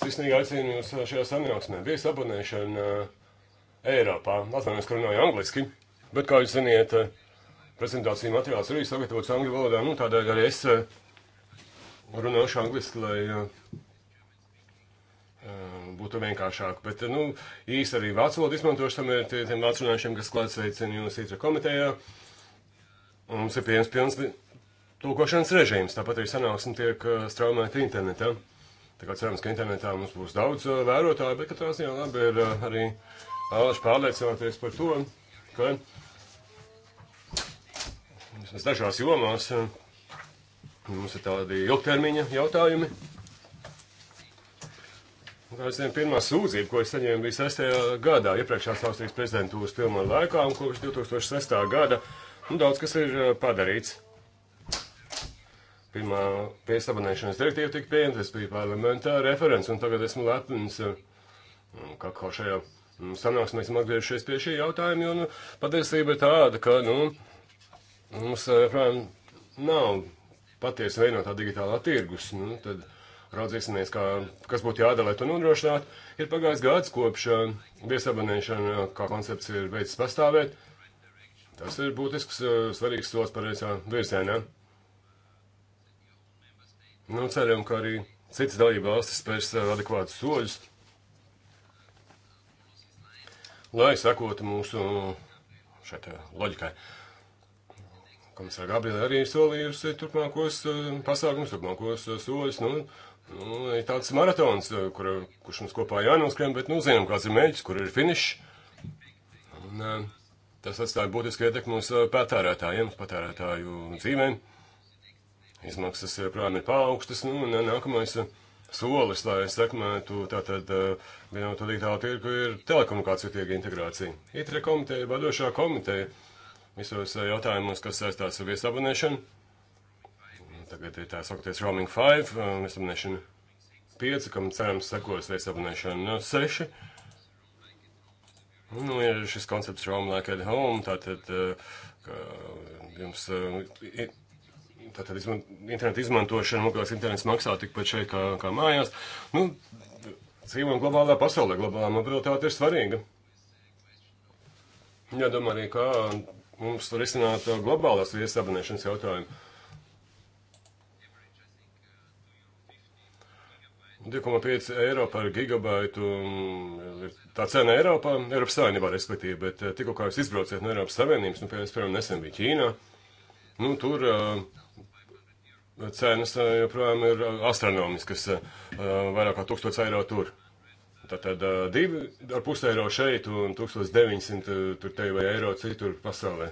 Sirsnīgi aicinu jūs eh, šajā sanāksmē viesabonēšana eh, Eiropā. Atvainojos, ka runāju angliski, bet, kā jūs ziniet, eh, prezentācija materiāls arī sagatavots angļu valodā, nu tādēļ arī es runāšu angliski, lai būtu vienkāršāk. Bet, nu, īsti arī vācu valodu izmantošu tam ir tiem vācu runājušiem, kas klāt sveicinu jūs ītra komitejā. Un mums ir pieejams pilns tulkošanas režīms, tāpat arī sanāksim tiek straumēta internetā. Ja? Tā kā cerams, ka internetā mums būs daudz vērotāju, bet katrā ziņā labi ir arī alaši pārliecināties par to, ka vismaz dažās jomās mums ir tādi ilgtermiņa jautājumi. Tā ir pirmā sūdzība, ko es saņēmu, bija 6. gadā, iepriekšējās Austrijas prezidentūras pilnā laikā, un kopš 2006. gada nu, daudz kas ir padarīts pirmā viesabonēšanas direktīva tika pieņemta, es biju parlamentā referents, un tagad esmu lepns, kā eh, kā šajā mm, sanāksmē esam atgriežušies pie šī jautājuma, jo, nu, patiesība ir tāda, ka, nu, mums, eh, prājām, nav patiesa vienotā digitālā tirgus, nu, tad raudzīsimies, kā, kas būtu jādara, lai to nodrošinātu. Ir pagājis gads, kopš viesabonēšana eh, kā koncepts ir beidzis pastāvēt. Tas ir būtisks, svarīgs solis pareizā virzienā. Ja? Nu, ceram, ka arī citas dalība valstis spērs eh, adekvātus soļus, lai sakotu mūsu mm, šeit loģikai. Komisāra Gabriela arī ir solījusi turpmākos eh, pasākumus, turpmākos eh, soļus. Nu, nu, ir tāds maratons, kur, kurš mums kopā jānoskrien, bet, nu, zinām, kāds ir mēģis, kur ir finišs. Un, tas atstāja būtisku ietekmi uz patērētājiem, patērētāju dzīvēm. Izmaksas joprojām ir paaugstas, nu, un nākamais eh, solis, lai sekmētu tātad eh, vienotu digitālu tirgu, ir telekomunikāciju tirgu integrācija. ITRE komiteja, vadošā komiteja visos eh, jautājumos, kas saistās ar viesabonēšanu. Tagad ir tā saukties roaming 5, viesabonēšana 5, kam cerams sekos viesabonēšana 6. Nu, ir šis koncepts Rome like at home, tātad, ka jums tātad izman, internetu izmantošana, mobilais internets maksā tikpat šeit kā, kā mājās. Nu, dzīvojam globālā pasaulē, globālā mobilitāte ir svarīga. Jādomā arī, kā mums tur izcināt uh, globālās viesabonēšanas jautājumu. 2,5 eiro par gigabaitu um, ir tā cena Eiropā, Eiropas Savienībā, respektīvi, bet uh, tikko kā jūs izbrauciet no Eiropas Savienības, nu, piemēram, nesen bija Ķīnā, nu, tur uh, cenas eh, joprojām ir eh, astronomiskas, eh, vairāk kā 1000 eiro tur. Tātad 2,5 eiro šeit un 1900 tur te vai eiro citur pasaulē.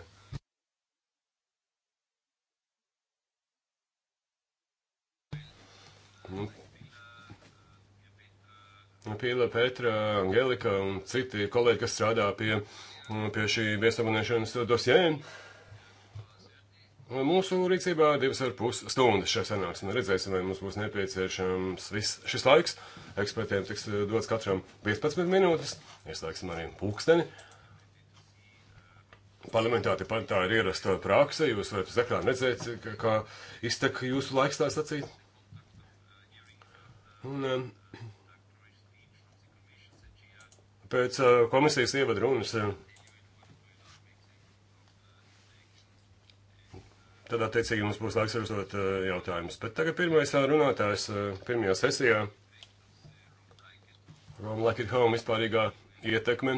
Nu. nu, Pīla, Petra, Angelika un citi kolēģi, kas strādā pie, pie šī viesabunēšanas dosjēm. Uh, Mūsu rīcībā divas ar pus stundas šai sanāksmē. Redzēsim, vai mums būs nepieciešams viss šis laiks. Ekspertiem tiks eh, dots katram 15 minūtes. Ieslēgsim arī pūksteni. Parlamentā tā ir ierasta prakse. Jūs varat uz ekrāna redzēt, kā iztek jūsu laiks tā sacīt. Un, um, pēc eh, komisijas ievadrunas. Uh, Tad, attiecīgi, mums būs laiks uzdot eh, jautājumus. Bet tagad pirmais eh, runātājs eh, pirmajā sesijā. Roma Like It Home vispārīgā ietekme.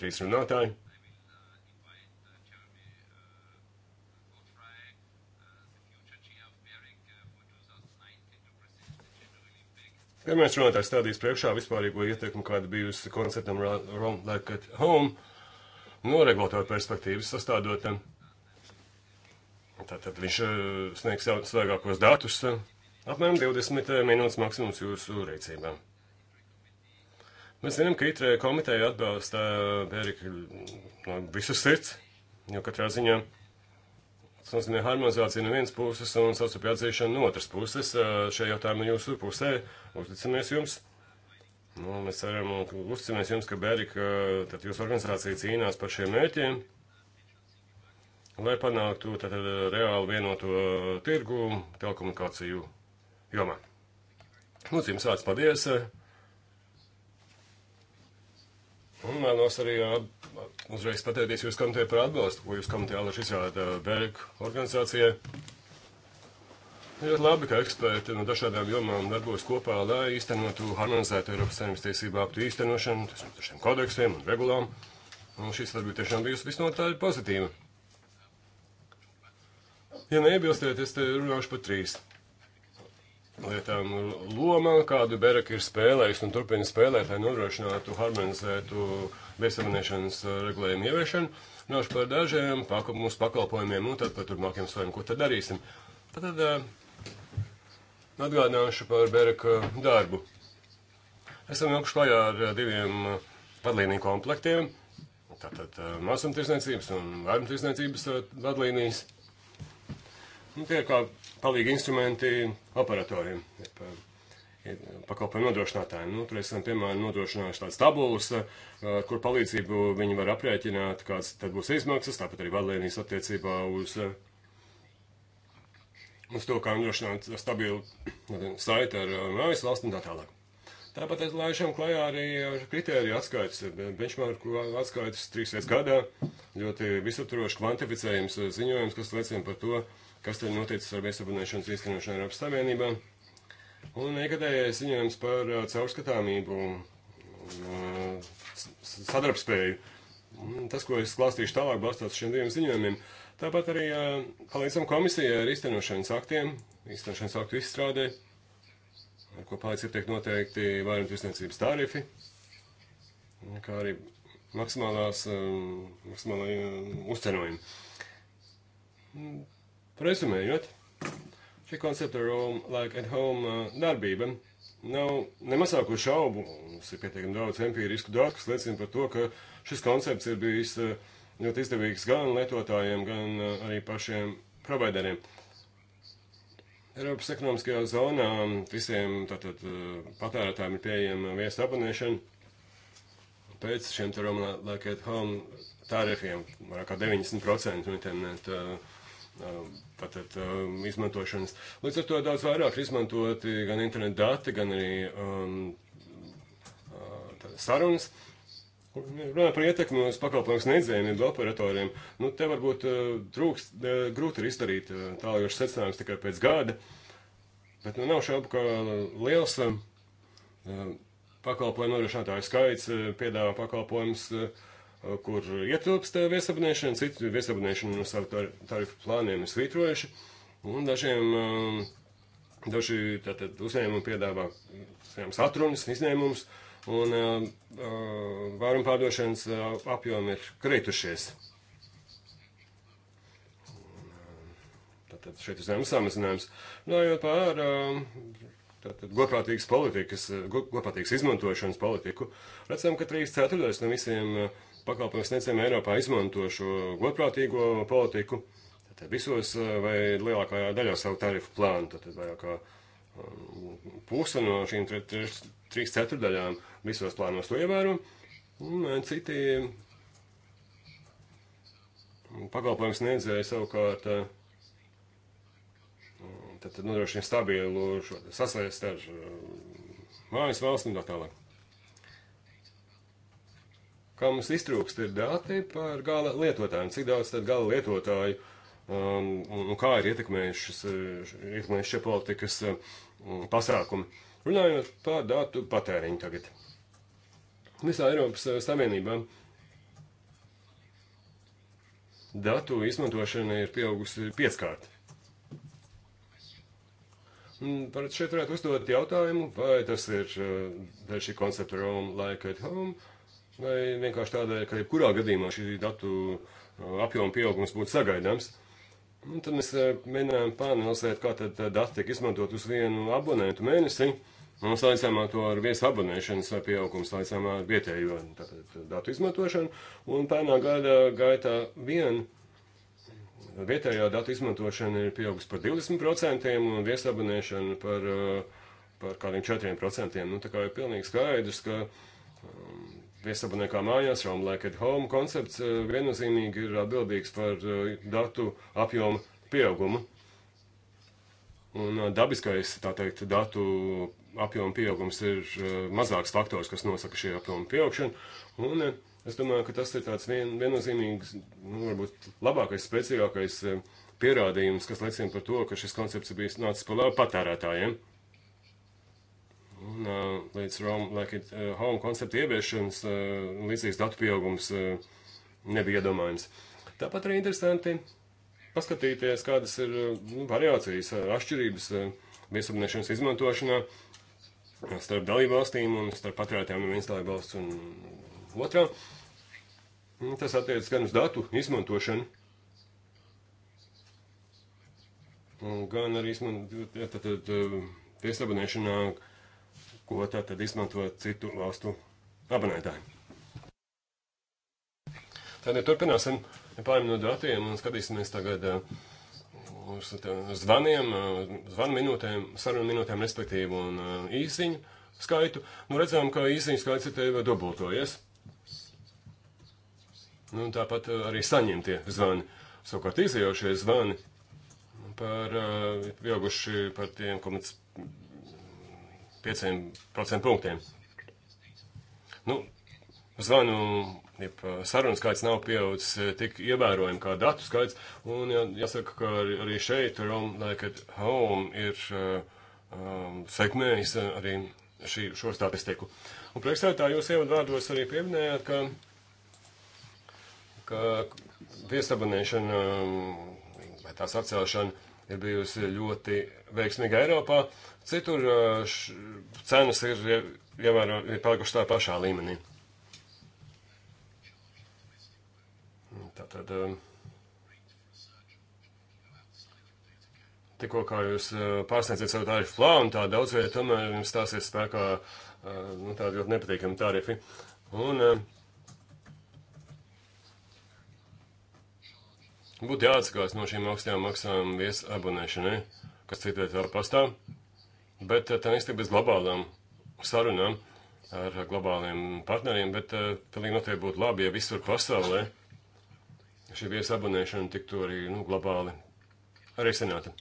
Trīs runātāji. Pirmais runātājs stādīs priekšā vispārīgo ietekmi, kāda bijusi koncertam Rome Like at Home, no regulatora perspektīvas sastādot tam Tātad viņš eh, sniegs jau svaigākos datus. Eh, apmēram 20 eh, minūtes maksimums jūsu rīcībā. Mēs zinām, ka itrē komiteja atbalsta Bērika mm, no visas sirds, jo katrā ziņā tas nozīmē harmonizāciju no vienas puses un savstarpēju atzīšanu no otras puses. Šie jautājumi ir jūsu pusē, uzticamies jums. Nu, mēs ceram, uzticamies jums, ka Bērika, tad jūsu organizācija cīnās par šiem mērķiem lai panāktu tātad eh, reāli vienoto eh, tirgu telekomunikāciju jomā. Lūdzu, jums vārds paldies. Un vēlos arī eh, uzreiz pateikties jūs komitē par atbalstu, ko jūs komitē alaši izrāda Berg organizācijai. Ļoti labi, ka eksperti no dažādām jomām darbos kopā, lai īstenotu harmonizētu Eiropas saimnes tiesību aktu īstenošanu, tas ir šiem kodeksiem un regulām. Un šis varbūt tiešām bijusi visnotaļ pozitīva. Ja neiebilstiet, es te runāšu par trīs lietām. Loma, kādu Bereka ir spēlējis un turpina spēlēt, lai nodrošinātu harmonizētu viesamanēšanas eh, regulējumu ieviešanu. Runāšu par dažiem pak mūsu pakalpojumiem un tad par turpmākiem soļiem, ko tad darīsim. Tad, tad eh, atgādināšu par Bereka eh, darbu. Esam ilguši klajā ar diviem padlīniju komplektiem. Tātad mazumtirdzniecības un vairumtirdzniecības vadlīnijas. Uh, Nu, tie ir kā palīgi instrumenti operatoriem, e, pakalpojumu nodrošinātājiem. Nu, tur esam, piemēram, nodrošinājuši tādas tabulas, e, kur palīdzību viņi var aprēķināt, kāds tad būs izmaksas, tāpat arī vadlīnijas attiecībā uz, e, uz to, kā nodrošināt stabilu saiti ar mājas valsts un tā tālāk. Tāpat es laišam klajā arī ar kritēriju atskaitas, benchmarku atskaitas trīs reizes gadā, ļoti visaptvaroši kvantificējums ziņojums, kas liecina par to, kas tad noticis ar viesabunēšanas īstenošanu Eiropas Savienībā. Un iegadējais ziņojums par uh, caurskatāmību un uh, sadarbspēju. Un tas, ko es klāstīšu tālāk, balstās šiem diviem ziņojumiem. Tāpat arī uh, palīdzam komisijai ar īstenošanas aktiem, īstenošanas aktu izstrādē, ar ko palīdz ir tiek noteikti vairums tirsniecības tarifi, kā arī maksimālās, um, maksimālā uh, uzcenojuma. Rezumējot, šī koncepta Rome like at home uh, darbība nav nemazāko šaubu, mums ir pietiekami daudz empirisku datu, kas liecina par to, ka šis koncepts ir bijis uh, ļoti izdevīgs gan lietotājiem, gan uh, arī pašiem provideriem. Eiropas ekonomiskajā zonā visiem tātad patērētājiem ir pieejama viesta abonēšana pēc šiem te Roma like at home tarifiem, vairāk kā 90% no internetu. Uh, Um, tātad um, izmantošanas. Līdz ar to daudz vairāk izmantoti gan internetu dati, gan arī um, uh, sarunas. Runājot par ietekmi uz pakalpojumu sniedzējiem, jau operatoriem, nu, te varbūt uh, trūks, uh, grūti ir izdarīt uh, tālajošas secinājumus tikai pēc gada, bet nu, nav šaubu, ka liels uh, pakalpojumu nodrošinātāju skaits uh, piedāvā pakalpojumus. Uh, Uh, kur ietilpst uh, viesabunēšana, citu viesabunēšanu no savu tarifu plāniem ir svītrojuši, un dažiem, uh, daži tātad uzņēmumi piedāvā satrunas, izņēmumus, un vārumu pārdošanas apjomi ir kritušies. Tātad šeit ir zemes samazinājums. Runājot par godprātīgas politikas, godprātīgas izmantošanas politiku, redzam, ka 3 ceturtais no visiem uh, pakalpojumu sniedzējiem Eiropā izmanto šo godprātīgo politiku, tad visos eh, vai lielākajā daļā savu tarifu plānu, tad vairāk kā um, puse no šīm trīs ceturdaļām visos plānos to ievēro, un eh, citi mm, pakalpojumu sniedzēji savukārt eh, mm, tad nodrošina stabilu šo sasaisti ar mājas valsts un tā tālāk kā mums iztrūkst, ir dati par gala lietotājiem. Cik daudz tad gala lietotāju um, un kā ir ietekmējušas, eh, ietekmējuši šie politikas um, pasākumi. Runājot par datu patēriņu tagad. Visā Eiropas eh, Savienībā datu izmantošana ir pieaugusi pieskārt. Par šeit varētu uzdot jautājumu, vai tas ir, vai šī koncepta Rome like at home, uh, vai vienkārši tādēļ, ka jebkurā gadījumā šī datu uh, apjoma pieaugums būtu sagaidāms. Un tad mēs uh, mēģinājām pāranalizēt, kā tad uh, dati tiek izmantot uz vienu abonentu mēnesi, un salīdzinājām to ar viesu abonēšanas pieaugumu, salīdzinājām ar vietējo tātad, datu izmantošanu, un pērnā gada gaitā vien vietējā datu izmantošana ir pieaugusi par 20% un viesu abonēšana par, par kādiem 4%. Nu, tā kā ir pilnīgi skaidrs, ka um, Viesabuniekā mājās, Rome Like at Home koncepts eh, viennozīmīgi ir atbildīgs par eh, datu apjomu pieaugumu. Un eh, dabiskais, tā teikt, datu apjomu pieaugums ir mazāks faktors, kas nosaka šī apjoma pieaugšanu. Un es domāju, ka tas ir tāds vien, viennozīmīgs, nu, varbūt labākais, spēcīgākais pierādījums, kas liecina par to, ka šis koncepts ir bijis nācis par labu patērētājiem. Ja? līdz Rome, like it, home koncepta ieviešanas līdzīgs datu pieaugums nebija iedomājams. Tāpat arī interesanti paskatīties, kādas ir nu, variācijas, atšķirības viesapnešanas izmantošanā starp dalībvalstīm un starp patvērtām no vienas dalībvalsts un otrā. Tas attiecas gan uz datu izmantošanu, gan arī izmantot, tad, tad, tad, viesapnešanā ko tā tad izmanto citu valstu abonētāji. Tātad turpināsim pārim no datiem un skatīsimies tagad eh, uz zvaniem, eh, zvanu minūtēm, sarunu minūtēm, respektīvi, un eh, īsiņu skaitu. Nu, redzējām, ka īsiņu skaits ir tev dubultojies. Nu, tāpat arī saņemtie zvani. Savukārt izjaušie zvani par pieauguši par tiem, ko mēs 5% punktiem. Nu, zvanu, jeb sarunu skaits nav pieaudzis eh, tik ievērojami kā datu skaits, un jā, jāsaka, ka arī šeit Rome Like at Home ir eh, um, sekmējis eh, arī šī, šo statistiku. Un priekšstādā jūs ievadvārdos arī pieminējāt, ka ka viesabonēšana um, vai tās atcelšana ir bijusi ļoti veiksmīga Eiropā, citur uh, š, cenas ir ievēro, ir palikušas tā pašā līmenī. Tātad, um, tikko kā jūs uh, pārsniedziet savu tarifu plānu, tā daudz vietā tomēr jums stāsies spēkā uh, nu, tādi ļoti nepatīkami tarifi. Un, uh, Būtu jāatsakās no šīm augstajām maksām vies abonēšanai, kas citvietā pastāv, bet eh, tā nestiek bez globālām sarunām ar globāliem partneriem, bet eh, pilnīgi noteikti būtu labi, ja visur pasaulē šī vies abonēšana tiktu arī nu, globāli risināta.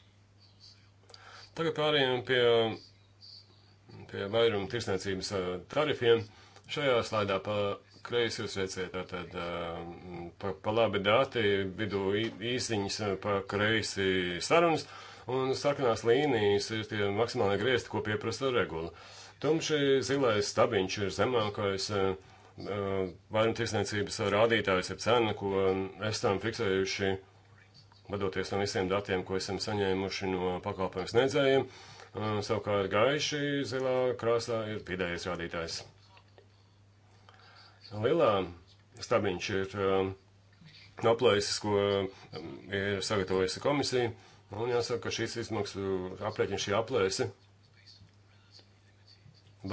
Tagad pārējām pie, pie vairuma tirsniecības eh, tarifiem. Šajā slaidā pa kreisi jūs redzēt, tātad pa, pa labi dati, vidū īsiņas, pa kreisi sarunas, un sarkanās līnijas ir tie maksimālie griezti, ko pieprasa regula. Tumši zilais stabiņš ir zemākais vairuma tirsniecības rādītājs, ir cena, ko esam fiksējuši, vadoties no visiem datiem, ko esam saņēmuši no pakalpojumu sniedzējiem. Savukārt gaiši zilā krāsā ir vidējais rādītājs. Lilā stabiņš ir aplēsis, um, ko um, ir sagatavojusi komisija, un jāsaka, ka šīs izmaksu aprēķina šī aplēsi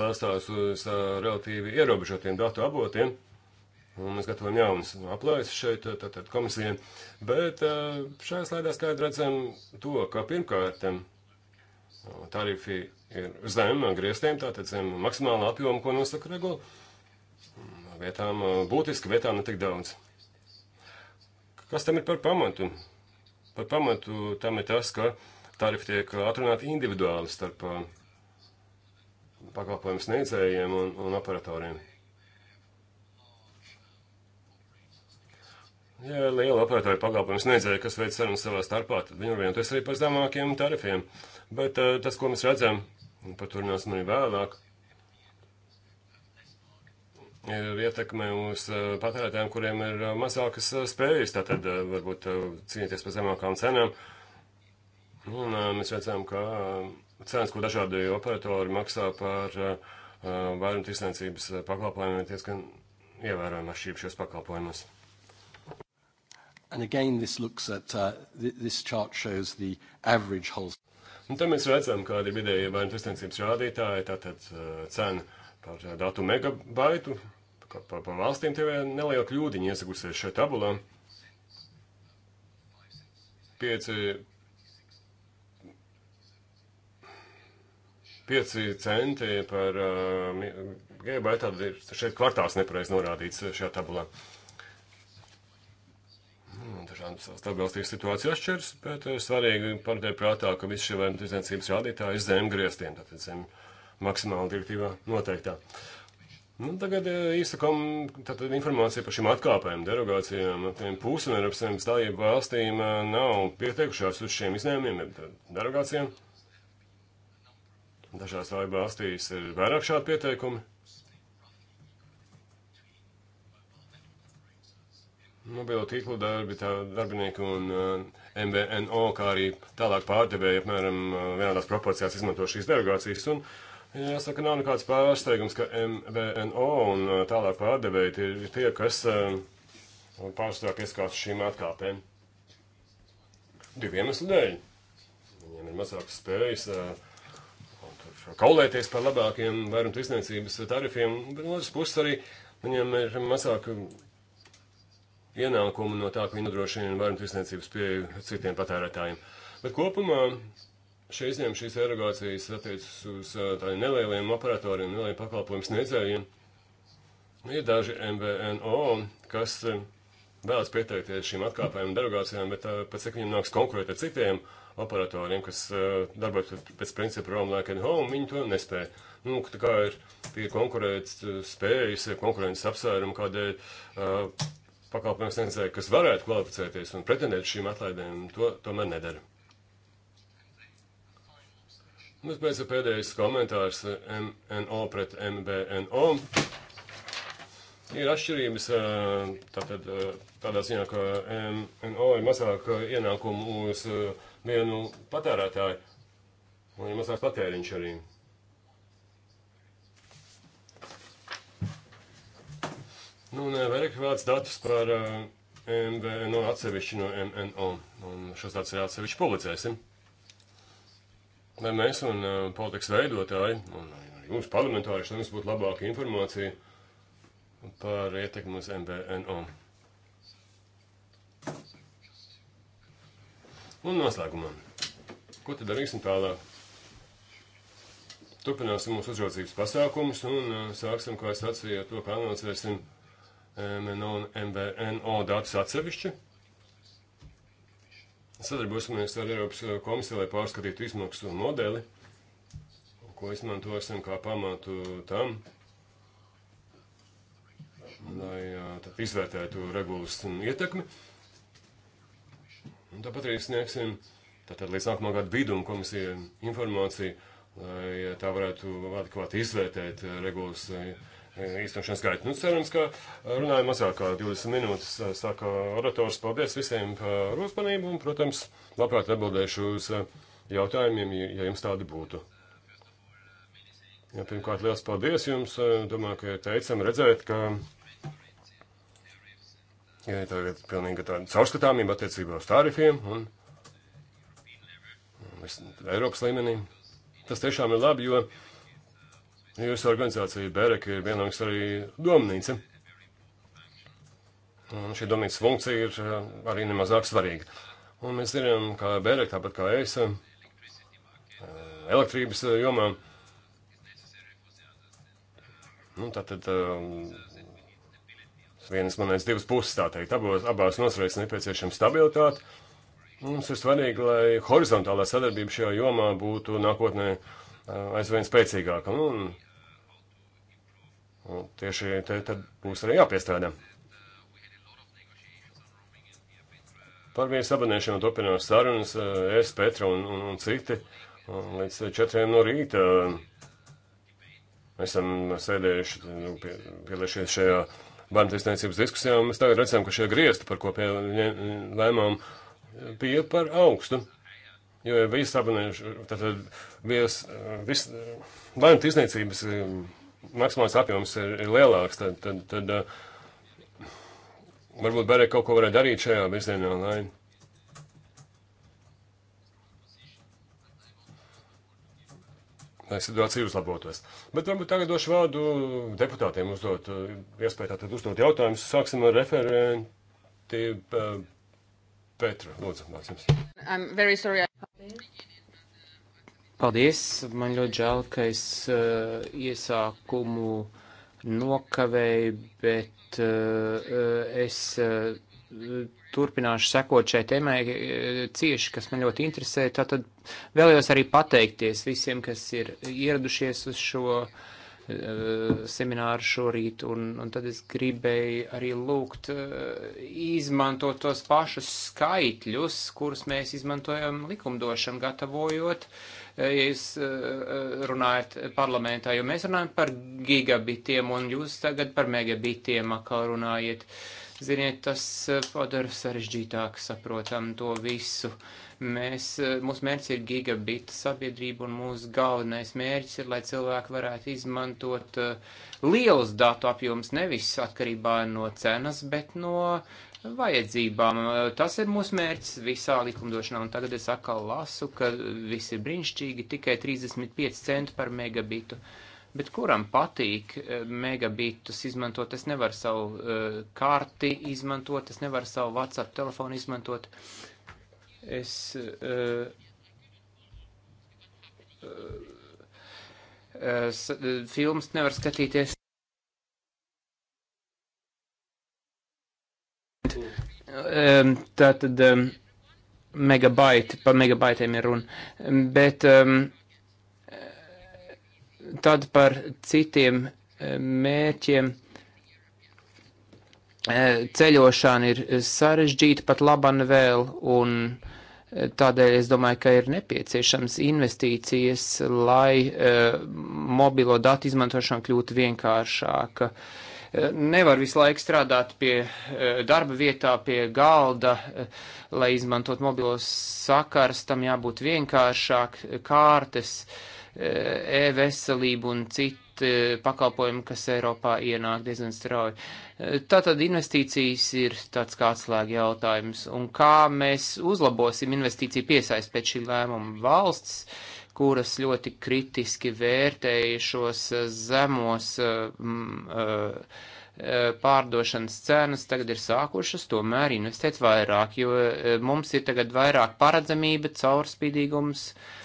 balstās uz uh, relatīvi ierobežotiem datu avotiem. Un mēs gatavojam jaunas aplēses šeit, uh, tātad komisijai. Bet uh, šajā slēdā skaidri redzam to, ka pirmkārt tarifi ir zem grieztiem, tātad zem maksimāla apjoma, ko nosaka regula vietām, būtiski vietām netik daudz. Kas tam ir par pamatu? Par pamatu tam ir tas, ka tarifi tiek atrunāti individuāli starp pakalpojumu sniedzējiem un, un operatoriem. Ja liela operatora pakalpojums nedzēja, kas veic sarunas savā starpā, tad viņi vienoties arī par zemākiem tarifiem. Bet tas, ko mēs redzam, un par to runāsim arī vēlāk, ir ietekme uz eh, patērētājiem, kuriem ir eh, mazākas eh, spējas, tātad varbūt cīnīties par zemākām cenām. Un mēs redzam, ka cenas, ko dažādi operatori maksā par vairuma tirsniecības pakalpojumiem, ir diezgan ievērojama atšķirība šos pakalpojumus. And again, this looks at uh, th this chart shows the average wholesale. Un te mēs redzam, kāda ir vidēja vairuma tirsniecības rādītāja, tātad uh, cena par datu megabaitu, par, par, par valstīm tev neliela kļūdiņa iesagusies šajā tabulā. 5, 5 centi par uh, gigabaitu, tad ir šeit kvartāls nepareiz norādīts šajā tabulā. Nu, dažādas starpvalstīs situācijas atšķiras, bet uh, svarīgi paturēt prātā, ka visi šie vērtības rādītāji ir zem grieztiem, tātad zem uh, maksimāli direktīvā noteiktā. Nu, tagad īsta eh, kom, tātad informācija par šīm atkāpēm, derogācijām. Tiem pūsim Eiropas Savienības dalību valstīm eh, nav pieteikušās uz šiem izņēmumiem, eh, derogācijām. Dažās dalību valstīs ir vairāk šādi pieteikumi. Mobilo tīklu darbi, tā darbinieki un uh, MVNO, kā arī tālāk pārdevēji, apmēram uh, vienādās proporcijās izmanto šīs derogācijas. Un, uh, Jāsaka, nav nekāds pārsteigums, ka MVNO un uh, tālāk pārdevēji ir tie, kas uh, pārstāv pieskās šīm atkāpēm. Diviem iemeslu dēļ. Viņiem ir mazākas spējas uh, kaulēties par labākiem vairums izniecības tarifiem, bet no otras puses arī viņiem ir mazāk um, ienākumu no tā, ka viņi nodrošina vairums izniecības pieeju citiem patērētājiem. Bet kopumā Šie izņēmumi, šīs erogācijas attiecas uz uh, tādiem nelieliem operatoriem, nelieliem pakalpojumu sniedzējiem. Ir daži MVNO, kas uh, vēlas pieteikties šīm atkāpēm un derogācijām, bet uh, pēc cik viņiem nāks konkurēt ar citiem operatoriem, kas darbojas pēc principa Roam like at home, viņi to nespēja. Nu, tā kā ir tie konkurēts spējas, konkurences apsvērumi, kādēļ uh, pakalpojums sniedzēji, kas varētu kvalificēties un pretendēt šīm atlaidēm, to tomēr nedara. Vispēc pēdējais komentārs eh, MNO pret MBNO. Ir atšķirības eh, tātad, eh, tādā ziņā, ka MNO ir mazāk ienākumu uz vienu patērētāju un ir mazāk patēriņš arī. Nu, un vairāk vāc datus par MVNO atsevišķi no MNO, un šos datus ir atsevišķi publicēsim. Lai mēs un uh, politikas veidotāji, un jums parlamentārieši, lai mums būtu labāka informācija par ietekmi uz MVNO. Un noslēgumā. Ko tad darīsim tālāk? Turpināsim mūsu uzraudzības pasākumus un uh, sāksim, kā es sacīju, ar to, ka analizēsim eh, MNO un MVNO datus atsevišķi. Sadarbosimies ar Eiropas eh, komisiju, lai pārskatītu izmaksu modeli, ko izmantosim kā pamatu tam, lai eh, tad izvērtētu regulas ietekmi. Un tāpat arī sniegsim tātad līdz nākamā gada vidum komisijai informāciju, lai eh, tā varētu adekvāti izvērtēt regulas ietekmi īstenošanas gaitu. Nu, cerams, ka eh, runāju mazāk kā 20 minūtes, eh, saka orators. Paldies visiem par uzmanību un, protams, labprāt atbildēšu uz eh, jautājumiem, ja jums tādi būtu. Jā, pirmkārt, liels paldies jums. Domāju, ka teicam redzēt, ka jā, tā ir pilnīga tāda caurskatāmība attiecībā uz tarifiem un, un Eiropas līmenī. Tas tiešām ir labi, jo Jūsu organizācija Bereka ir vienlaikus arī domnīca. Un šī domnīcas funkcija ir eh, arī nemazāk svarīga. Un mēs zinām, ka Bereka, tāpat kā es, eh, elektrības eh, jomā, nu, tātad vienas monētas divas puses, tā teikt, abos, abās nosarēs nepieciešama stabilitāte. Mums ir svarīgi, lai horizontālā sadarbība šajā jomā būtu nākotnē aizvien spēcīgāka. Nu, un, Un tieši te tad būs arī jāpiestrādā. Par vienu sabanēšanu turpinās sarunas, eh, es, Petra un, un, un citi, un līdz četriem no rīta eh, esam sēdējuši, nu, pie, piedalījušies šajā bērnu tiesniecības diskusijā, un mēs tagad redzam, ka šie griezti, par ko pie, lēmām, bija par augstu. Jo ja viss sabanēšana, tad viss, eh, viss bērnu tiesniecības. Um, maksimāls apjoms ir, ir lielāks, tad, tad, tad uh, varbūt Berek kaut ko varētu darīt šajā virzienā, lai. lai situācija uzlabotos. Bet varbūt tagad došu vārdu deputātiem uzdot, uh, iespēju tātad uzdot jautājumus. Sāksim ar referenti uh, Petru. Lūdzu, nāks jums. I'm very sorry. I... Paldies! Man ļoti žēl, ka es uh, iesākumu nokavēju, bet uh, es uh, turpināšu sekot šai tēmai uh, cieši, kas man ļoti interesē. Tātad vēlējos arī pateikties visiem, kas ir ieradušies uz šo uh, Eh, semināru šorīt, un, un tad es gribēju arī lūgt eh, izmantot tos pašus skaitļus, kurus mēs izmantojam likumdošanu gatavojot, eh, ja jūs runājat parlamentā, jo mēs runājam par gigabitiem, un jūs tagad par megabitiem atkal runājat. Ziniet, tas padara sarežģītāk saprotam to visu. Uh, Mēs, eh, mūsu mērķis ir gigabita sabiedrība un mūsu galvenais mērķis ir, lai cilvēki varētu izmantot eh, lielus datu apjomus nevis atkarībā no cenas, bet no vajadzībām. Eh, tas ir mūsu mērķis visā likumdošanā, un tagad es atkal lasu, ka viss ir brīnišķīgi, tikai 35 centi par megabitu. Bet kuram patīk megabitus izmantot? Es nevaru savu uh, karti izmantot, es nevaru savu WhatsApp telefonu izmantot. Uh, Es uh, uh, filmas nevar skatīties. Um, tātad um, megabaiti, pa megabaitiem ir runa. Bet um, tad par citiem mērķiem. Um, Eh, ceļošana ir eh, sarežģīta pat laban vēl, un eh, tādēļ es domāju, ka ir nepieciešams investīcijas, lai mobilo datu izmantošana kļūtu vienkāršāka. Nevar visu laiku strādāt pie darba vietā, pie galda, lai izmantot mobilos sakars, tam jābūt vienkāršāk, kārtas, e-veselību un citu savukārt pakalpojumi, kas Eiropā ienāk diezgan strauji. Tātad investīcijas ir tāds kā atslēga jautājums, un kā mēs uzlabosim investīciju piesaist pēc šī lēmuma valsts, kuras ļoti kritiski vērtēja šos eh, zemos eh, eh, pārdošanas cenas, tagad ir sākušas tomēr investēt vairāk, jo mums ir tagad vairāk paredzamība, caurspīdīgums, uh,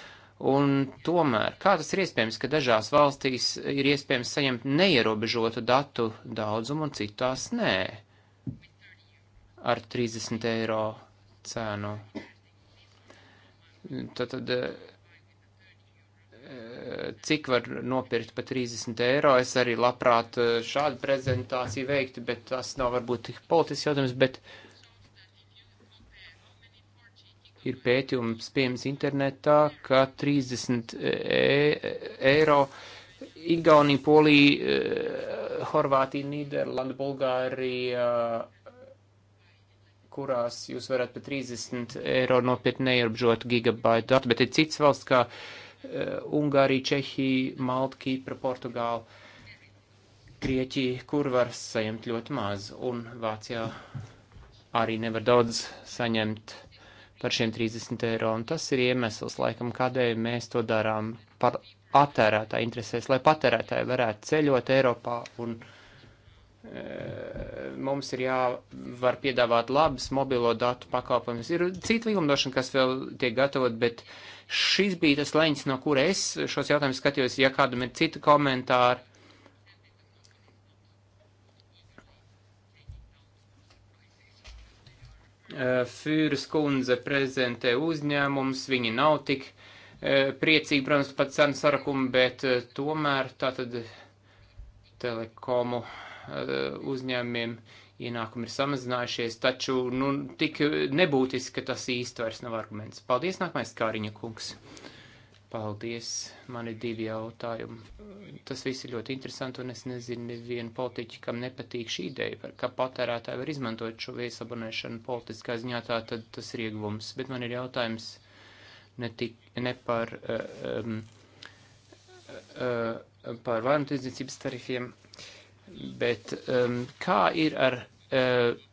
Un tomēr, kā tas ir iespējams, ka dažās valstīs ir iespējams saņemt neierobežotu datu daudzumu un citās nē? Ar 30 eiro cēnu. Tad, tad eh, eh, cik var nopirkt par 30 eiro. Es arī labprāt eh, šādu prezentāciju veiktu, bet tas nav varbūt tik politisks jautājums, bet uh, ir pētījums pieejams internetā, ka 30 e eiro Igaunija, Polija, e, Horvātija, Nīderlanda, Bulgārija, kurās jūs varat par 30 eiro nopiet neierobežot gigabaitu datu, bet ir cits valsts kā e, Ungārija, Čehija, Malta, Kīpra, Portugāla. Grieķija, kur var saņemt ļoti maz, un Vācijā arī nevar daudz saņemt par šiem 30 eiro, un tas ir iemesls, laikam, kādēļ mēs to darām par patērētāju interesēs, lai patērētāji varētu ceļot Eiropā un e, mums ir jāvar piedāvāt labas mobilo datu pakalpojumus. Ir cita likumdošana, kas vēl tiek gatavot, bet šis bija tas leņķis, no kura es šos jautājumus skatījos. Ja kādam ir citi komentāri, Eh, Fīras kundze prezentē uzņēmums, viņi nav tik eh, priecīgi, protams, pat cenu sarakumu, bet eh, tomēr tātad telekomu uzņēmumiem ienākumi ir samazinājušies, taču nu, tik nebūtiski, ka tas īsti vairs nav arguments. Paldies, nākamais Kāriņa kungs. Uh, Paldies, man ir divi jautājumi. Tas viss ir ļoti interesanti, un es nezinu nevienu politiķu, kam nepatīk šī ideja, par, ka patērētāji var izmantot šo viesabonēšanu politiskā ziņā, tā tad tas ir ieguvums. Bet man ir jautājums ne, tik, ne par, um, uh, par vairumtirdzniecības tarifiem, bet um, kā ir ar uh,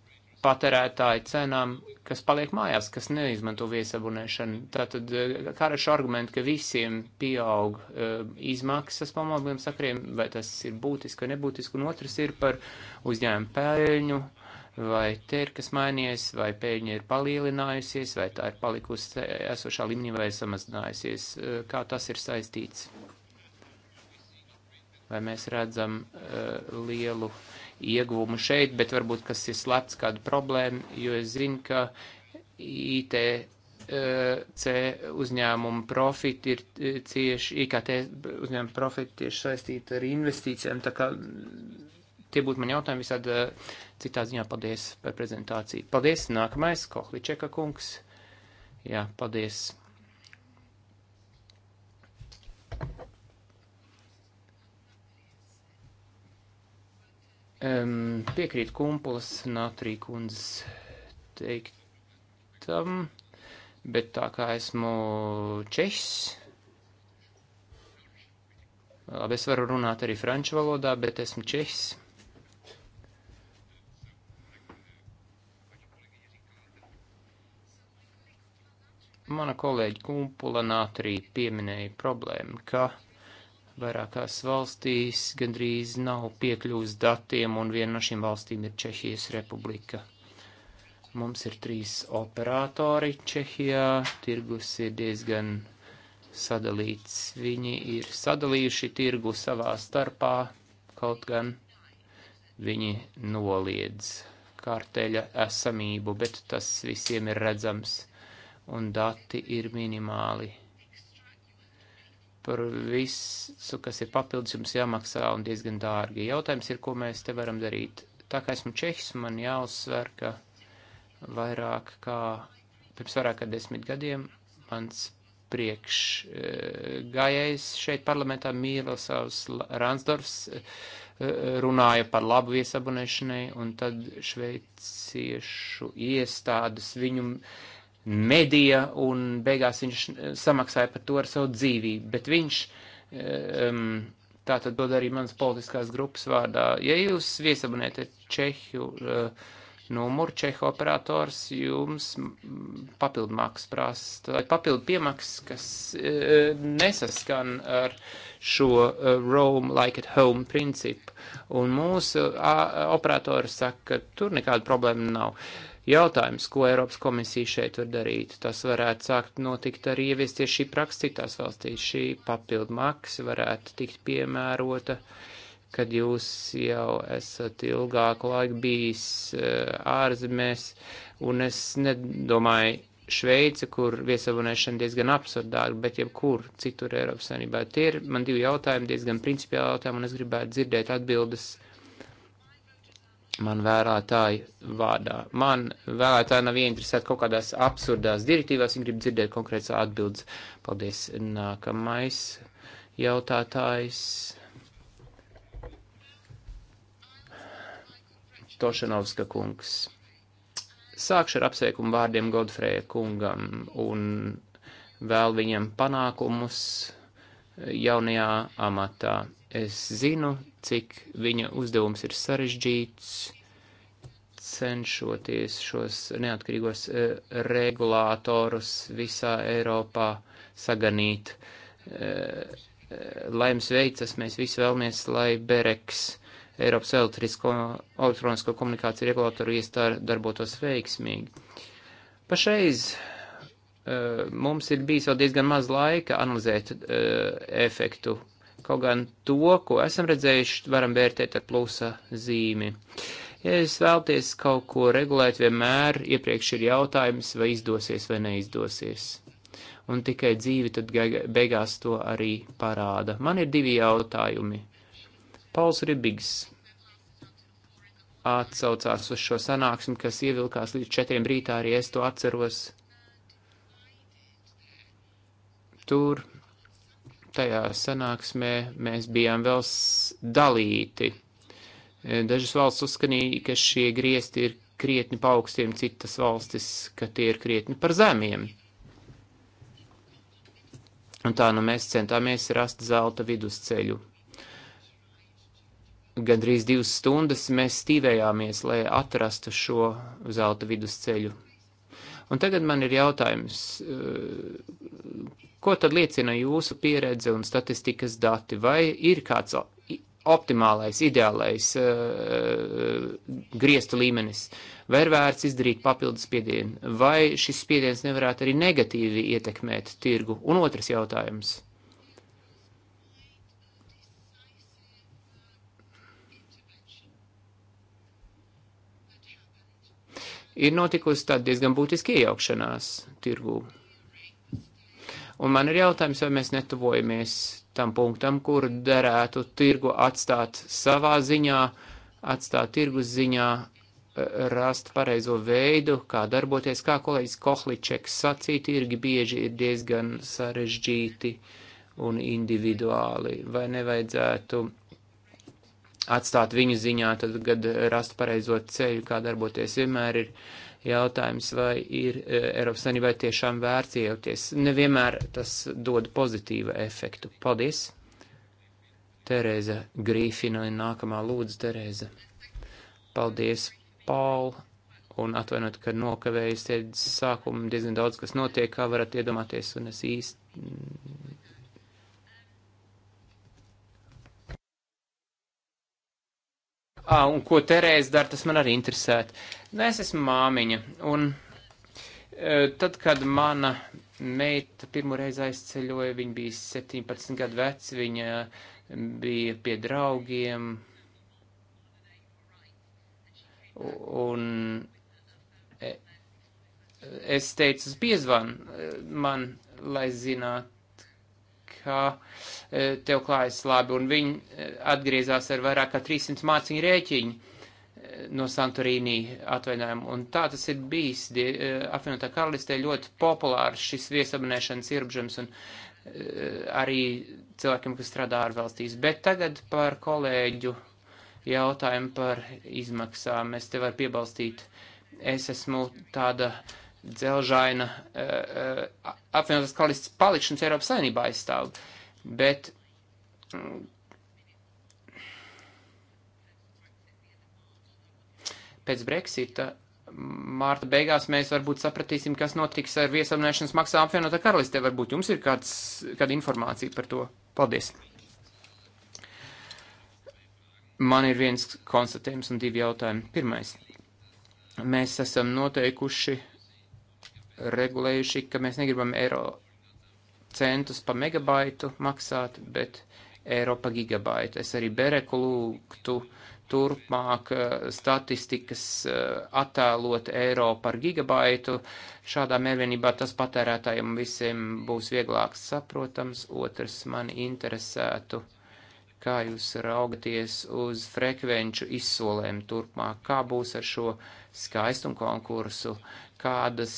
patērētāju cenām kas paliek mājās, kas neizmanto viesabunēšanu. Tātad eh, karaša argumenti, ka visiem pieaug uh, izmaksas pamatiem sakriem, vai tas ir būtiski vai nebūtiski, un otrs ir par uzņēmumu pēļņu, vai te ir kas mainījies, vai pēļņa ir palielinājusies, vai tā ir palikusi esošā līmenī vai samazinājusies. Uh, kā tas ir saistīts? Vai mēs redzam uh, lielu uh, ieguvumu šeit, bet varbūt kas ir slēpts kādu problēmu, jo es zinu, ka ITC e, uzņēmumu profiti ir e, cieši, IKT uzņēmumu profiti tieši saistīti ar investīcijām, tā kā tie būtu mani jautājumi visādi e, citā ziņā. Paldies par prezentāciju. Paldies, nākamais, Kohličeka kungs. Jā, paldies. Um, piekrīt kumpulas Natrī kundzes teiktam, bet tā kā esmu češs, labi, es varu runāt arī franču valodā, bet esmu češs. Mana kolēģi Kumpula Natrī pieminēja problēmu, ka Vairākās valstīs gandrīz nav piekļuvs datiem, un viena no šīm valstīm ir Čehijas republika. Mums ir trīs operatori Čehijā, tirgus ir diezgan sadalīts. Viņi ir sadalījuši tirgu savā starpā, kaut gan viņi noliedz kārteļa esamību, bet tas visiem ir redzams, un dati ir minimāli par visu, kas ir papildus, jums jāmaksā un diezgan dārgi. Jautājums ir, ko mēs te varam darīt. Tā kā esmu čehs, man jāuzsver, ka vairāk kā, pirms vairāk kā desmit gadiem, mans priekšgājējs eh, šeit parlamentā Mīlosavs Ransdorfs eh, runāja par labu viesabunēšanai, un tad šveiciešu iestādes viņu medija, un beigās viņš samaksāja par to ar savu dzīvību. Bet viņš, um, tā tad dod arī manas politiskās grupas vārdā, ja jūs viesabunētat Čehiju uh, eh, numuru, Čehu operators, jums papildu maksas prasa, papildu piemaksas, kas uh, nesaskan ar šo uh, roam like at home principu. Un mūsu uh, operators saka, ka tur nekāda problēma nav. Uh, Jautājums, ko Eiropas komisija šeit var darīt, tas varētu sākt notikt arī ieviesties šī praksa citās valstīs. Šī papildu maksa varētu tikt piemērota, kad jūs jau esat ilgāku laiku bijis eh, ārzemēs, un es nedomāju, Šveice, kur viesabonēšana diezgan absurdāka, bet jebkur citur Eiropas Savienībā. Tie ir man divi jautājumi, diezgan principiāli jautājumi, un es gribētu dzirdēt atbildes uh, man vēlētāju vārdā. Man vēlētāji nav ieinteresēti kaut kādās absurdās direktīvās, viņi grib dzirdēt konkrēts atbildes. Paldies. Nākamais jautātājs. Tošanovska kungs. Sākšu ar apsveikumu vārdiem Godfrēja kungam un vēl viņam panākumus jaunajā amatā. Es zinu, cik viņa uzdevums ir sarežģīts, cenšoties šos neatkarīgos e, regulātorus visā Eiropā saganīt. E, eh, eh, lai jums veicas, mēs visi vēlamies, lai Bereks, Eiropas elektrisko elektronisko komunikāciju regulātoru iestāde darbotos veiksmīgi. Pašreiz mums ir bijis vēl diezgan maz laika analizēt uh, efektu Kaut gan to, ko esam redzējuši, varam vērtēt ar plusa zīmi. Ja jūs vēlties kaut ko regulēt, vienmēr iepriekš ir jautājums, vai izdosies vai neizdosies. Un tikai dzīve tad beigās to arī parāda. Man ir divi jautājumi. Pauls Ribigs atsaucās uz šo sanāksmi, kas ievilkās līdz četriem rītā, arī es to atceros. Tur tajā sanāksmē mēs bijām vēl dalīti. E, dažas valsts uzskatīja, ka šie griezti ir krietni paaugstiem, citas valstis, ka tie ir krietni par zemiem. Un tā nu mēs centāmies rast zelta vidusceļu. Gandrīz divas stundas mēs stīvējāmies, lai atrastu šo zelta vidusceļu. Un tagad man ir jautājums, e, Ko tad liecina jūsu pieredze un statistikas dati? Vai ir kāds optimālais, ideālais uh, griestu līmenis? Vai ir vērts izdarīt papildus spiedienu? Vai šis spiediens nevarētu arī negatīvi ietekmēt tirgu? Un otrs jautājums. Ir notikusi tāda diezgan būtiska iejaukšanās tirgū. Un man ir jautājums, vai mēs netuvojamies tam punktam, kur derētu tirgu atstāt savā ziņā, atstāt tirgus ziņā, eh, rast pareizo veidu, kā darboties, kā kolēģis Kohličeks sacīja, tirgi bieži ir diezgan sarežģīti un individuāli, vai nevajadzētu atstāt viņu ziņā, tad, kad rast pareizo ceļu, kā darboties, vienmēr ir jautājums, vai ir e, Eiropas Savienībai tiešām vērts iejaukties. Nevienmēr tas dod pozitīvu efektu. Paldies! Tereza Grīfina ir nākamā lūdzu, Tereza. Paldies, Paul! Un atvainojiet, ka nokavējos te sākumu diezgan daudz, kas notiek, kā varat iedomāties, un es īsti Ah, un ko Terēza dara, tas man arī interesē. Nu, es esmu māmiņa, un e, tad, kad mana meita pirmoreiz aizceļoja, viņa bija 17 gadu veca, viņa e, bija pie draugiem, un e, es teicu uz piezvanu man, lai zinātu, ka tev klājas labi, un viņi atgriezās ar vairāk kā 300 māciņu rēķiņu no Santorīnī atvaļinājumu. Un tā tas ir bijis. E, apvienotā karalistē ļoti populārs šis viesabunēšanas ierobežams un e, arī cilvēkiem, kas strādā ārvalstīs. Bet tagad par kolēģu jautājumu par izmaksām. Es te varu piebalstīt. Es esmu tāda dzelžaina e, apvienotās karalistes palikšanas Eiropas saimnībā aizstāvu. Bet mm, pēc Brexita mārta beigās mēs varbūt sapratīsim, kas notiks ar viesamnēšanas maksām apvienotā karalistē. Varbūt jums ir kāds, kāda informācija par to. Paldies! Man ir viens konstatējums un divi jautājumi. Pirmais. Mēs esam noteikuši, regulējuši, ka mēs negribam eiro centus pa megabaitu maksāt, bet eiro pa gigabaitu. Es arī Bereku lūgtu uh, turpmāk eh, statistikas eh, attēlot eiro par gigabaitu. Šādā mērvienībā tas patērētājiem visiem būs vieglāk saprotams. Otrs mani interesētu, kā jūs raugaties uz frekvenču izsolēm turpmāk, kā būs ar šo skaistumu konkursu, kādas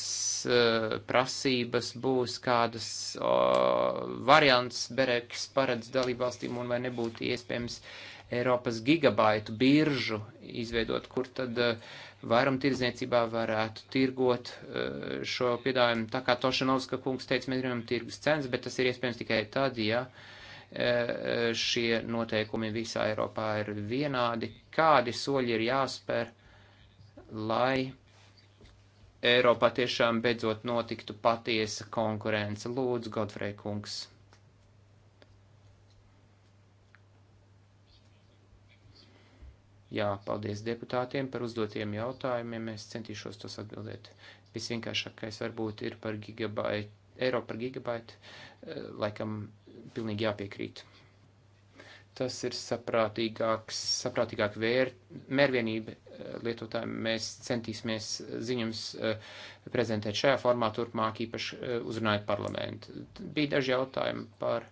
uh, prasības būs, kādas uh, variants Bereks paredz dalībvalstīm un vai nebūtu iespējams uh, Eiropas gigabaitu biržu izveidot, kur tad eh, vairam tirdzniecībā varētu tirgot eh, šo piedāvājumu. Tā kā Tošanovska kungs teica, mēs gribam tirgus cenas, bet tas ir iespējams tikai tad, ja eh, šie noteikumi visā Eiropā ir vienādi. Kādi soļi ir jāspēr, lai Eiropā tiešām beidzot notiktu patiesa konkurence? Lūdzu, Godfrey kungs. Jā, paldies deputātiem par uzdotiem jautājumiem, es centīšos tos atbildēt. Visvienkāršākais varbūt ir par gigabaitu, eiro par gigabaitu, eh, laikam pilnīgi jāpiekrīt. Tas ir saprātīgāks, saprātīgāk vēr, mērvienība eh, lietotājiem. Mēs centīsimies ziņums eh, prezentēt šajā formā turpmāk, īpaši uzrunājot parlamentu. Bija daži jautājumi par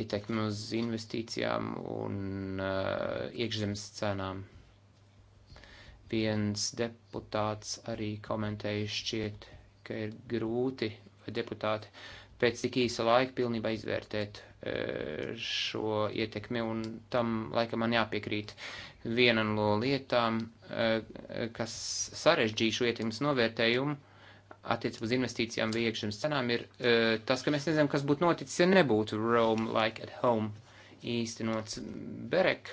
ietekmi uz investīcijām un uh, iekšzemes cenām. Viens deputāts arī komentēja šķiet, ka ir grūti vai deputāti pēc tik īsa laika pilnībā izvērtēt uh, šo ietekmi, un tam laikam man jāpiekrīt. Viena no lietām, uh, kas sarežģīja šo ietekmes novērtējumu, attiecībā uz investīcijām vai iekšzemes cenām ir uh, tas, ka mēs nezinām, kas būtu noticis, ja nebūtu Rome like at home īstenots Berek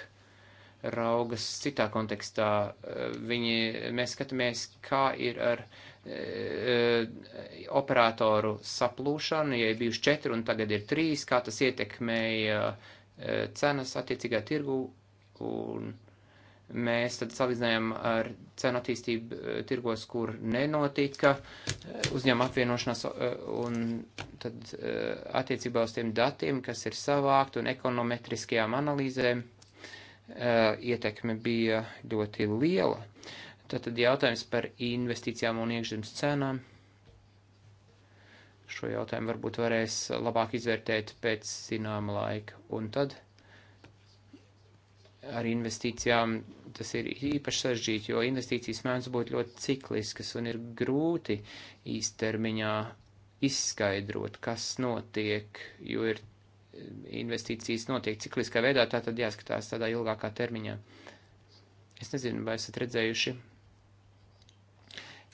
raugas citā kontekstā. Uh, viņi, mēs skatāmies, kā ir ar uh, operatoru saplūšanu, ja ir bijuši četri un tagad ir trīs, kā tas ietekmēja uh, cenas attiecīgā tirgu un uh, Mēs tad salīdzinājām ar cenu attīstību eh, tirgos, kur nenotika eh, uzņēmuma apvienošanās, eh, un tad attiecībā uz tiem datiem, kas ir savākt un ekonometriskajām analīzēm, ietekme bija ļoti liela. Tad, tad jautājums par investīcijām un iekšzemes cenām. Šo jautājumu varbūt varēs labāk izvērtēt pēc zināma laika. Un tad ar investīcijām tas ir īpaši sarežģīti, jo investīcijas mēdz būt ļoti cikliskas un ir grūti īstermiņā izskaidrot, kas notiek, jo ir investīcijas notiek cikliskā veidā, tā tad jāskatās tādā ilgākā termiņā. Es nezinu, vai esat redzējuši,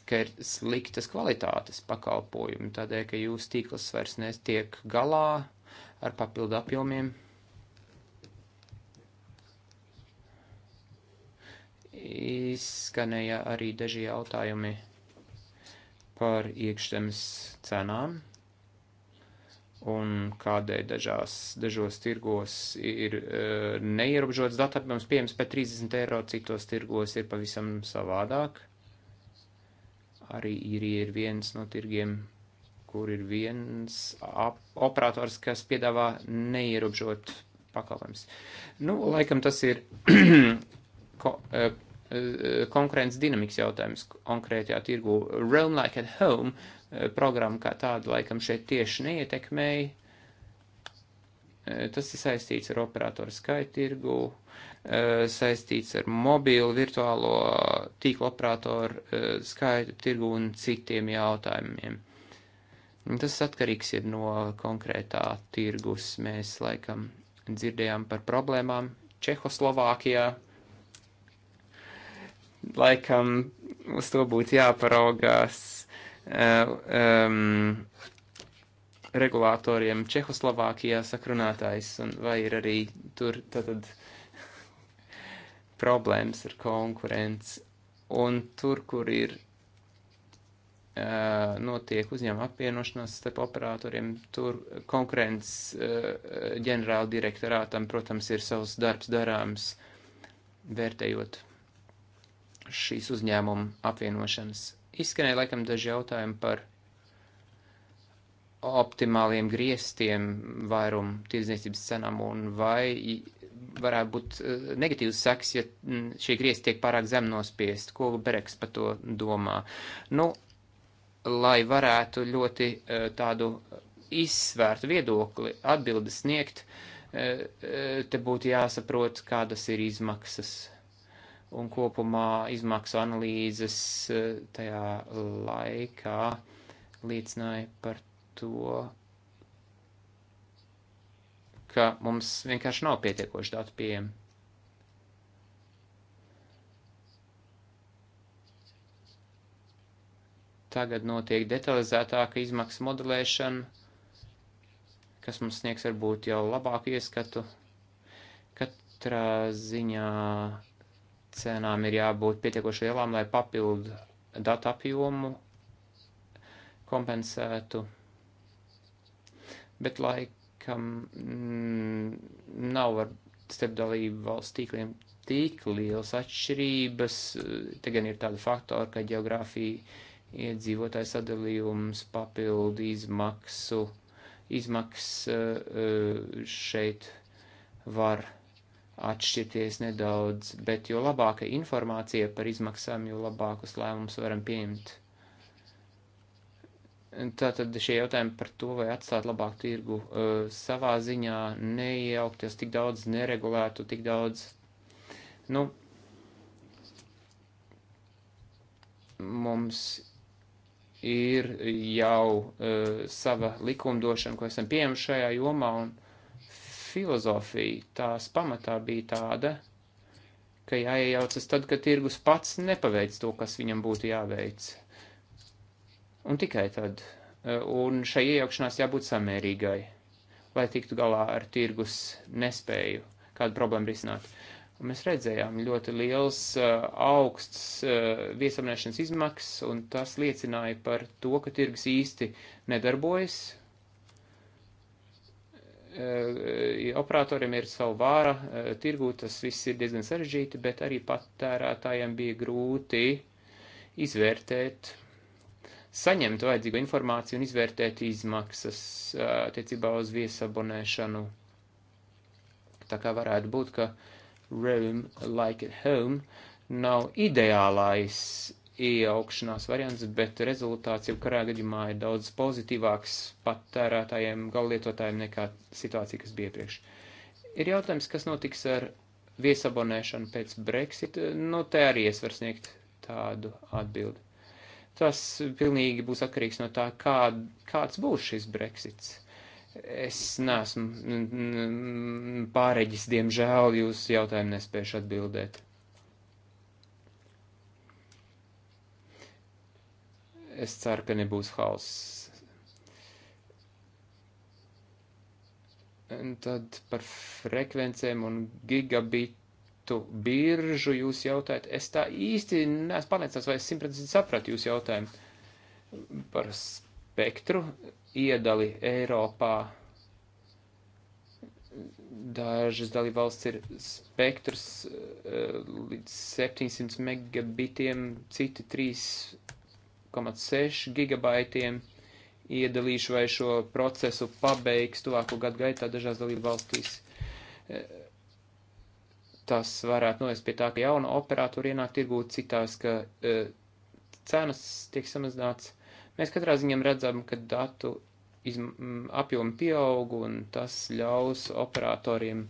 ka ir sliktas kvalitātes pakalpojumi, tādēļ, ka jūsu tīkls vairs netiek galā ar papildu apjomiem. Izskanēja arī daži jautājumi par iekšzemes cenām un kādēļ dažās, dažos tirgos ir uh, e, neierobežots datu apjoms pieejams par 30 eiro, citos tirgos ir pavisam savādāk. Arī īrija ir viens no tirgiem, kur ir viens ap, operators, kas piedāvā neierobežot pakalpojums. Nu, laikam tas ir ko, uh, Eh, eh, konkurences dinamikas jautājums konkrētajā tirgu. Realm Like at Home eh, programma kā tāda laikam šeit tieši neietekmēja. Tas ir saistīts ar operatoru skaitu tirgu, saistīts ar mobīlu virtuālo tīklu operatoru skaitu tirgu un citiem jautājumiem. Tas atkarīgs ir no konkrētā tirgus. Mēs laikam dzirdējām par problēmām Čehoslovākijā, laikam uz to būtu jāparaugās um, regulātoriem Čehoslovākijā sakrunātājs, un vai ir arī tur tātad problēmas ar konkurenci. Un tur, kur ir uh, notiek uzņēmuma apvienošanās starp operatoriem, tur konkurences uh, eh, ģenerāla direktorātam, protams, ir savs darbs darāms, vērtējot šīs uzņēmuma apvienošanas. Izskanēja laikam daži jautājumi par optimāliem griestiem vairumu tirdzniecības cenām un vai varētu būt eh, negatīvs seks, ja mm, šie griezti tiek pārāk zem nospiest. Ko Bereks par to domā? Nu, lai varētu ļoti eh, tādu izsvērtu viedokli atbildes sniegt, eh, te būtu jāsaprot, kādas ir izmaksas un kopumā izmaksu analīzes eh, tajā laikā liecināja par to, ka mums vienkārši nav pietiekoši datu pieejami. Tagad notiek detalizētāka izmaksu modelēšana, kas mums sniegs varbūt jau labāku ieskatu. Katrā ziņā uh, cenām ir jābūt pietiekoši lielām, lai papildu datu apjomu kompensētu. Bet laikam m, mm, nav ar starp dalību valsts tīkliem tik liels atšķirības. Te gan ir tāda faktora, ka geogrāfija, iedzīvotājs sadalījums, papildu izmaksu, izmaksas eh, eh, šeit var atšķirties nedaudz, bet jo labāka informācija par izmaksām, jo labākus lēmumus varam pieņemt. Tātad šie jautājumi par to, vai atstāt labāku tirgu eh, savā ziņā, neiejaukties tik daudz, neregulētu tik daudz. Nu, mums ir jau uh, sava likumdošana, ko esam pieņemti šajā jomā, un filozofija tās pamatā bija tāda, ka jāiejaucas tad, kad tirgus pats nepaveic to, kas viņam būtu jāveic. Un tikai tad. Un šai iejaukšanās jābūt samērīgai, lai tiktu galā ar tirgus nespēju kādu problēmu risināt. Un mēs redzējām ļoti liels, augsts viesamniešanas izmaksas, un tas liecināja par to, ka tirgus īsti nedarbojas, Eh, operatoriem ir savu vāra eh, tirgū, tas viss ir diezgan sarežģīti, bet arī patērētājiem bija grūti izvērtēt, saņemt vajadzīgo informāciju un izvērtēt izmaksas eh, attiecībā uz viesabonēšanu. Tā kā varētu būt, ka Roam Like at Home nav ideālais iejaukšanās variants, bet rezultāts jau karā gadījumā ir daudz pozitīvāks patērētājiem, galvlietotājiem nekā situācija, kas bija iepriekš. Ir jautājums, kas notiks ar viesabonēšanu pēc Brexit, nu te arī es varu sniegt tādu atbildi. Tas pilnīgi būs atkarīgs no tā, kā, kāds būs šis Brexits. Es neesmu pāreģis, diemžēl, jūs jautājumu nespējuši atbildēt. Es ceru, ka nebūs hauss. Un tad par frekvencēm un gigabitu biržu jūs jautājat. Es tā īsti neesmu pārliecināts, vai es simtprocentīgi sapratu jūsu jautājumu par spektru iedali Eiropā. Dažas dalībvalsts ir spektrs eh, līdz 700 megabitiem, citi 3 2,6 gigabaitiem. Iedalīšu vai šo procesu pabeigs tuvāko gadu gaitā dažās dalību valstīs. Tas varētu novest pie tā, ka jauna operatora ienāk tirgū citās, ka cenas tiek samazināts. Mēs katrā ziņā redzam, ka datu apjomi pieaug un tas ļaus operatoriem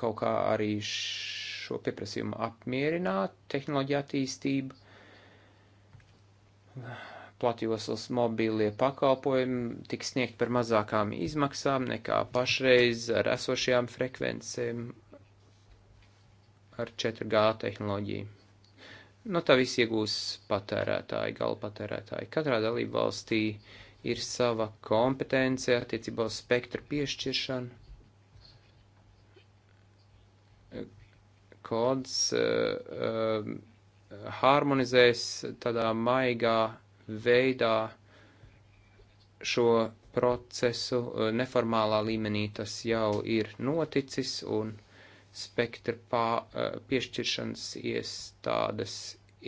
kaut kā arī šo pieprasījumu apmierināt, tehnoloģija attīstība, platjoslas mobīlie pakalpojumi tiks sniegt par mazākām izmaksām nekā pašreiz ar esošajām frekvencēm ar 4G tehnoloģiju. No nu, tā viss iegūs patērētāji, gala patērētāji. Katrā dalība valstī ir sava kompetence attiecībā uz spektra piešķiršanu kods uh, uh, harmonizēs tādā maigā veidā šo procesu uh, neformālā līmenī. Tas jau ir noticis un spektra pā, uh, piešķiršanas iestādes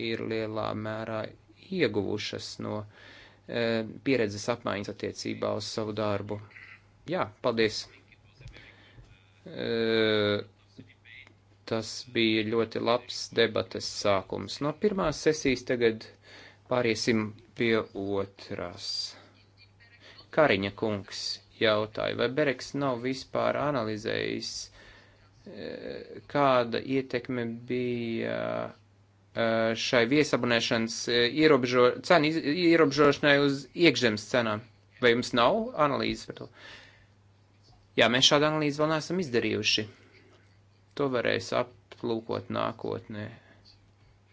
ir lielā mērā ieguvušas no uh, pieredzes apmaiņas attiecībā uz savu darbu. Jā, paldies! Uh, Tas bija ļoti labs debates sākums. No pirmās sesijas tagad pāriesim pie otrās. Kariņa kungs jautāja, vai Bereks nav vispār analizējis, eh, kāda ietekme bija eh, šai viesabunēšanas eh, ierobežo, cenu ierobežošanai uz iekšzemes cenām. Vai jums nav analīzes par to? Jā, mēs šādu analīzi vēl neesam izdarījuši. To varēs aplūkot nākotnē.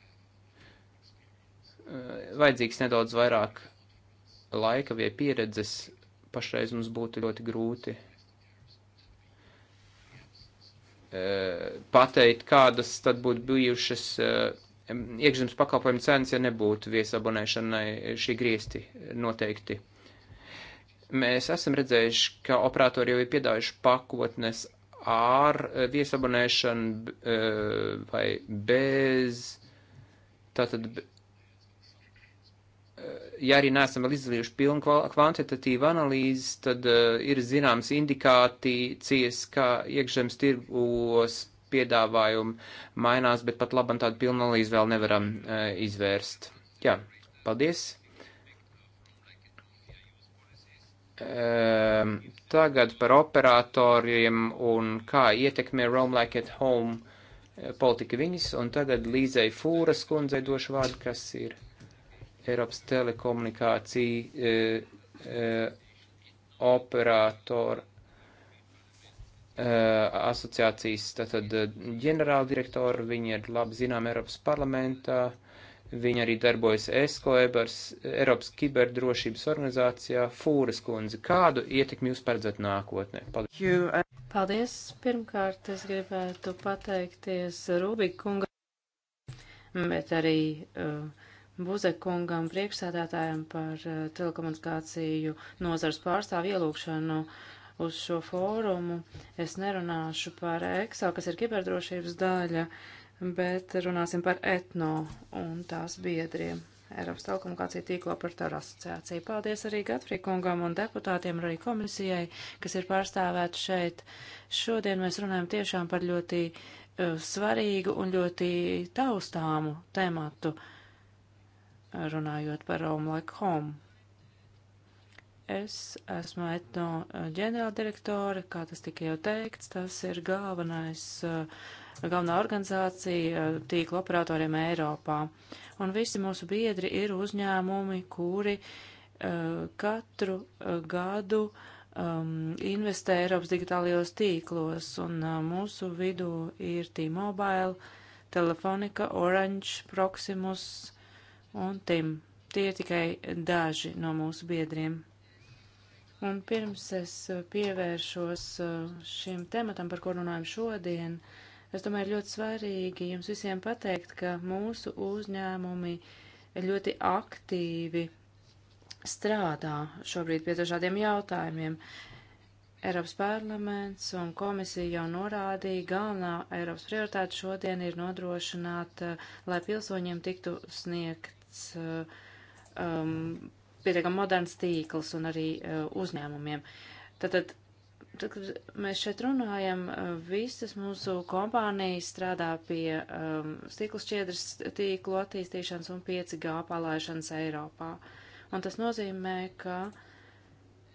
Eh, vajadzīgs nedaudz vairāk laika vai pieredzes, pašreiz mums būtu ļoti grūti eh, pateikt, kādas tad būtu bijušas eh, iekšzemes pakalpojumu cenas, ja nebūtu viesabonēšanai šī griesti noteikti. Mēs esam redzējuši, ka operatori jau ir piedāvājuši pakotnes ar eh, viesabonēšanu eh, vai bez, tātad, eh, ja arī neesam vēl izdarījuši pilnu kvantitatīvu analīzi, tad ir zināms indikācijas, kā iekšzemes tirgos piedāvājumi mainās, bet pat labam tādu pilnu analīzi vēl nevaram izvērst. Jā, paldies! Um, tagad par operatoriem un kā ietekmē Roam Like at Home eh, politika viņas, un tagad Līzai Fūras kundzei došu vārdu, kas ir Eiropas telekomunikācija uh, eh, uh, eh, operatora asociācijas tātad ģenerāldirektori, viņi ir labi zinām Eiropas parlamentā, uh, Viņa arī darbojas ESCO, Eiropas kiberdrošības organizācijā, Fūras kundze. Kādu ietekmi jūs paredzat nākotnē? Paldies! Paldies! Pirmkārt, es gribētu pateikties Rubikungam, bet arī uh, Buzekungam, priekšsēdētājam par uh, telekomunikāciju nozars pārstāvu ielūkšanu uz šo fórumu. Es nerunāšu par EXO, kas ir kiberdrošības daļa. Uh, bet runāsim par etno un tās biedriem. Eiropas telekomunikācija tīklo operatoru asociācija. Paldies arī Gatfrīkungam un deputātiem, arī komisijai, kas ir pārstāvēti šeit. Šodien mēs runājam tiešām par ļoti uh, svarīgu un ļoti taustāmu tematu, runājot par Home Like Home. Es esmu etno uh, ģenerāldirektore, kā tas tika jau teikts, tas ir galvenais uh, galvenā organizācija eh, tīkla operatoriem Eiropā. Un visi mūsu biedri ir uzņēmumi, kuri uh, katru uh, gadu um, investē Eiropas digitālajos tīklos, un uh, mūsu vidū ir T-Mobile, Telefonica, Orange, Proximus un Tim. Tie ir tikai daži no mūsu biedriem. Un pirms es pievēršos šim tematam, par ko runājam šodien, uh, Es domāju, ir ļoti svarīgi jums visiem pateikt, ka mūsu uzņēmumi ļoti aktīvi strādā šobrīd pie dažādiem jautājumiem. Eiropas parlaments un komisija jau norādīja, galvenā Eiropas prioritāte šodien ir nodrošināt, eh, lai pilsoņiem tiktu sniegts eh, um, pietiekam moderns tīkls un arī uh, uzņēmumiem. Tātad tad, kad mēs šeit runājam, visas mūsu kompānijas strādā pie um, stikla šķiedras tīklu attīstīšanas un 5G palaišanas Eiropā. Un tas nozīmē, ka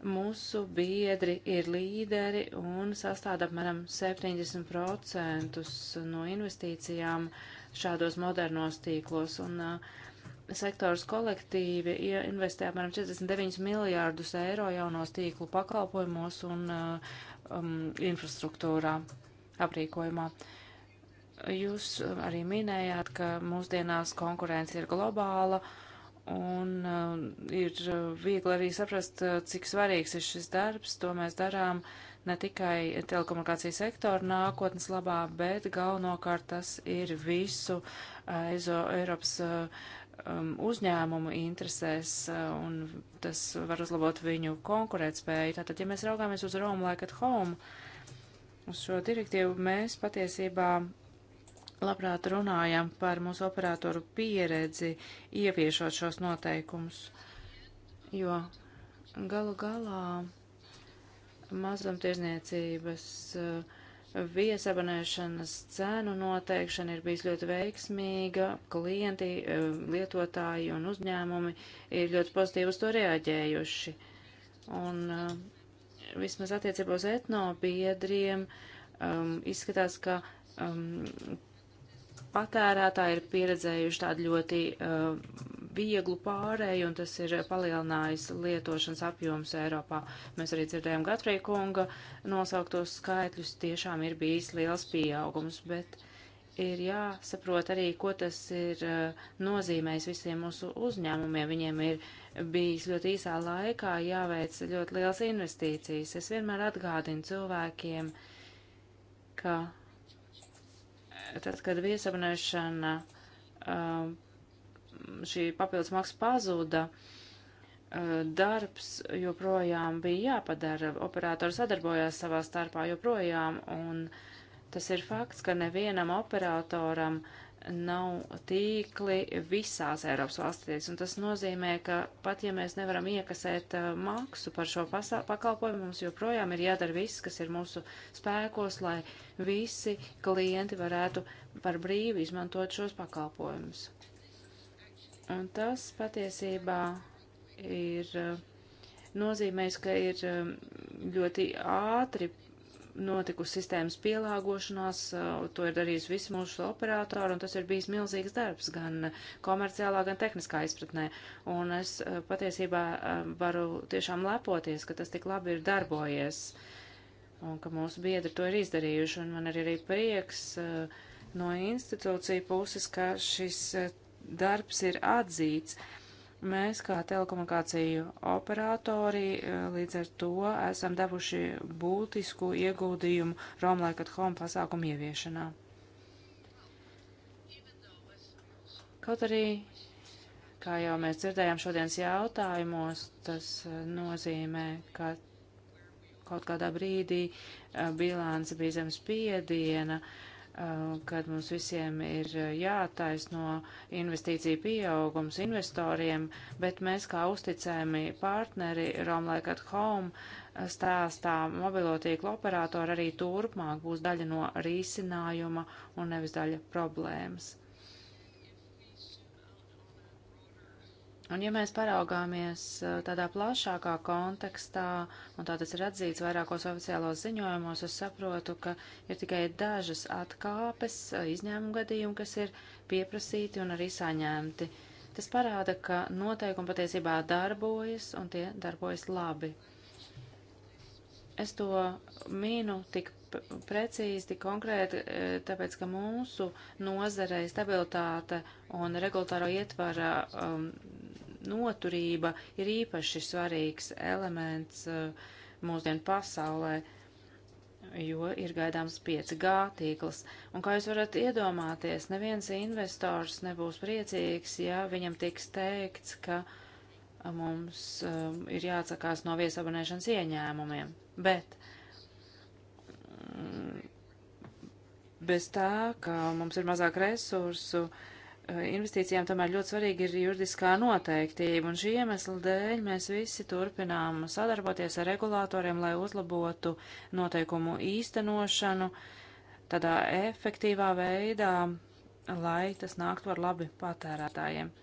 mūsu biedri ir līderi un sastāda apmēram 70% no investīcijām šādos modernos tīklos. Un, uh, sektors kolektīvi investē apmēram 49 miljārdus eiro jaunos tīklu pakalpojumos un uh, um, infrastruktūrā aprīkojumā. Jūs arī minējāt, ka mūsdienās konkurence ir globāla un uh, ir viegli arī saprast, uh, cik svarīgs ir šis darbs. To mēs darām ne tikai telekomunikācijas sektora nākotnes labā, bet galvenokārt tas ir visu uh, Eiropas. Uh, um, uzņēmumu interesēs, uh, un tas var uzlabot viņu konkurētspēju. Tātad, ja mēs raugāmies uz Rome Like at Home, uz šo direktīvu, mēs patiesībā labprāt runājam par mūsu operatoru pieredzi, ieviešot šos noteikumus, jo galu galā mazumtirdzniecības uh, viesabonēšanas cenu noteikšana ir bijis ļoti veiksmīga. Klienti, e, lietotāji un uzņēmumi ir ļoti pozitīvi uz to reaģējuši. Un e, vismaz attiecībā uz etnobiedriem um, izskatās, ka um, patērētāji ir pieredzējuši tādu ļoti uh, vieglu pārēju, un tas ir palielinājis lietošanas apjoms Eiropā. Mēs arī dzirdējām Gatrija kunga nosauktos skaitļus, tiešām ir bijis liels pieaugums, bet ir jāsaprot arī, ko tas ir eh, nozīmējis visiem mūsu uzņēmumiem. Viņiem ir bijis ļoti īsā laikā jāveic ļoti liels investīcijas. Es vienmēr atgādinu cilvēkiem, ka eh, tad, kad viesabunēšana um, šī papildus maksa pazuda, eh, darbs joprojām bija jāpadara. Operatori sadarbojās savā starpā joprojām, un tas ir fakts, ka nevienam operatoram nav tīkli visās Eiropas valstīs, un tas nozīmē, ka pat ja mēs nevaram iekasēt eh, maksu par šo pakalpojumu, mums joprojām ir jādara viss, kas ir mūsu spēkos, lai visi klienti varētu par brīvi izmantot šos pakalpojumus. Un tas patiesībā ir eh, nozīmējis, ka ir eh, ļoti ātri notikusi sistēmas pielāgošanās, eh, to ir darījis visi mūsu operatori, un tas ir bijis milzīgs darbs gan komerciālā, gan tehniskā izpratnē. Un es patiesībā varu tiešām lepoties, ka tas tik labi ir darbojies, un ka mūsu biedri to ir izdarījuši, un man ir arī prieks no institūcija puses, ka šis darbs ir atzīts. Mēs kā telekomunikāciju operatori eh, līdz ar to esam devuši būtisku ieguldījumu Roam Like at Home pasākumu ieviešanā. Kaut arī, kā jau mēs dzirdējām šodienas jautājumos, tas eh, nozīmē, ka kaut kādā brīdī eh, bilāns bija zem spiediena. Uh, Uh, kad mums visiem ir uh, jātaisno investīcija pieaugums investoriem, bet mēs kā uzticami partneri Rome Like at Home uh, stāstā mobilo tīklu operātori arī turpmāk būs daļa no risinājuma un nevis daļa problēmas. Un ja mēs paraugāmies eh, tādā plašākā kontekstā, un tā tas ir atzīts vairākos oficiālos ziņojumos, es saprotu, ka ir tikai dažas atkāpes eh, izņēmumu gadījumi, kas ir pieprasīti un arī saņemti. Tas parāda, ka noteikumi patiesībā darbojas, un tie darbojas labi. Es to mīnu tik precīzi, tik konkrēti, eh, tāpēc, ka mūsu nozarei stabilitāte un regulāro ietvara um, noturība ir īpaši svarīgs elements eh, mūsdienu pasaulē jo ir gaidāms 5G tīkls. Un kā jūs varat iedomāties, neviens investors nebūs priecīgs, ja viņam tiks teikts, ka eh, mums um, ir jāatsakās no viesabonēšanas ieņēmumiem. Bet mm, bez tā, ka mums ir mazāk resursu, uh, Eh, investīcijām tomēr ļoti svarīgi ir juridiskā noteiktība, un šī iemesla dēļ mēs visi turpinām sadarboties ar regulātoriem, lai uzlabotu noteikumu īstenošanu tādā efektīvā veidā, lai tas nāktu par labi patērētājiem.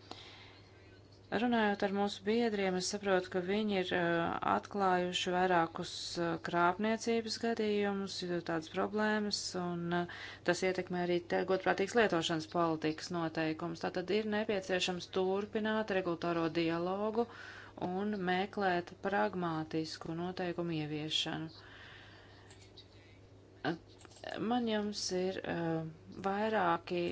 Runājot ar mūsu biedriem, es saprotu, ka viņi ir eh, atklājuši vairākus eh, krāpniecības gadījumus, tādas problēmas, un eh, tas ietekmē arī godprātīgas lietošanas politikas noteikums. Tātad ir nepieciešams turpināt regulatoro dialogu un meklēt pragmātisku noteikumu ieviešanu. Man jums ir vairāki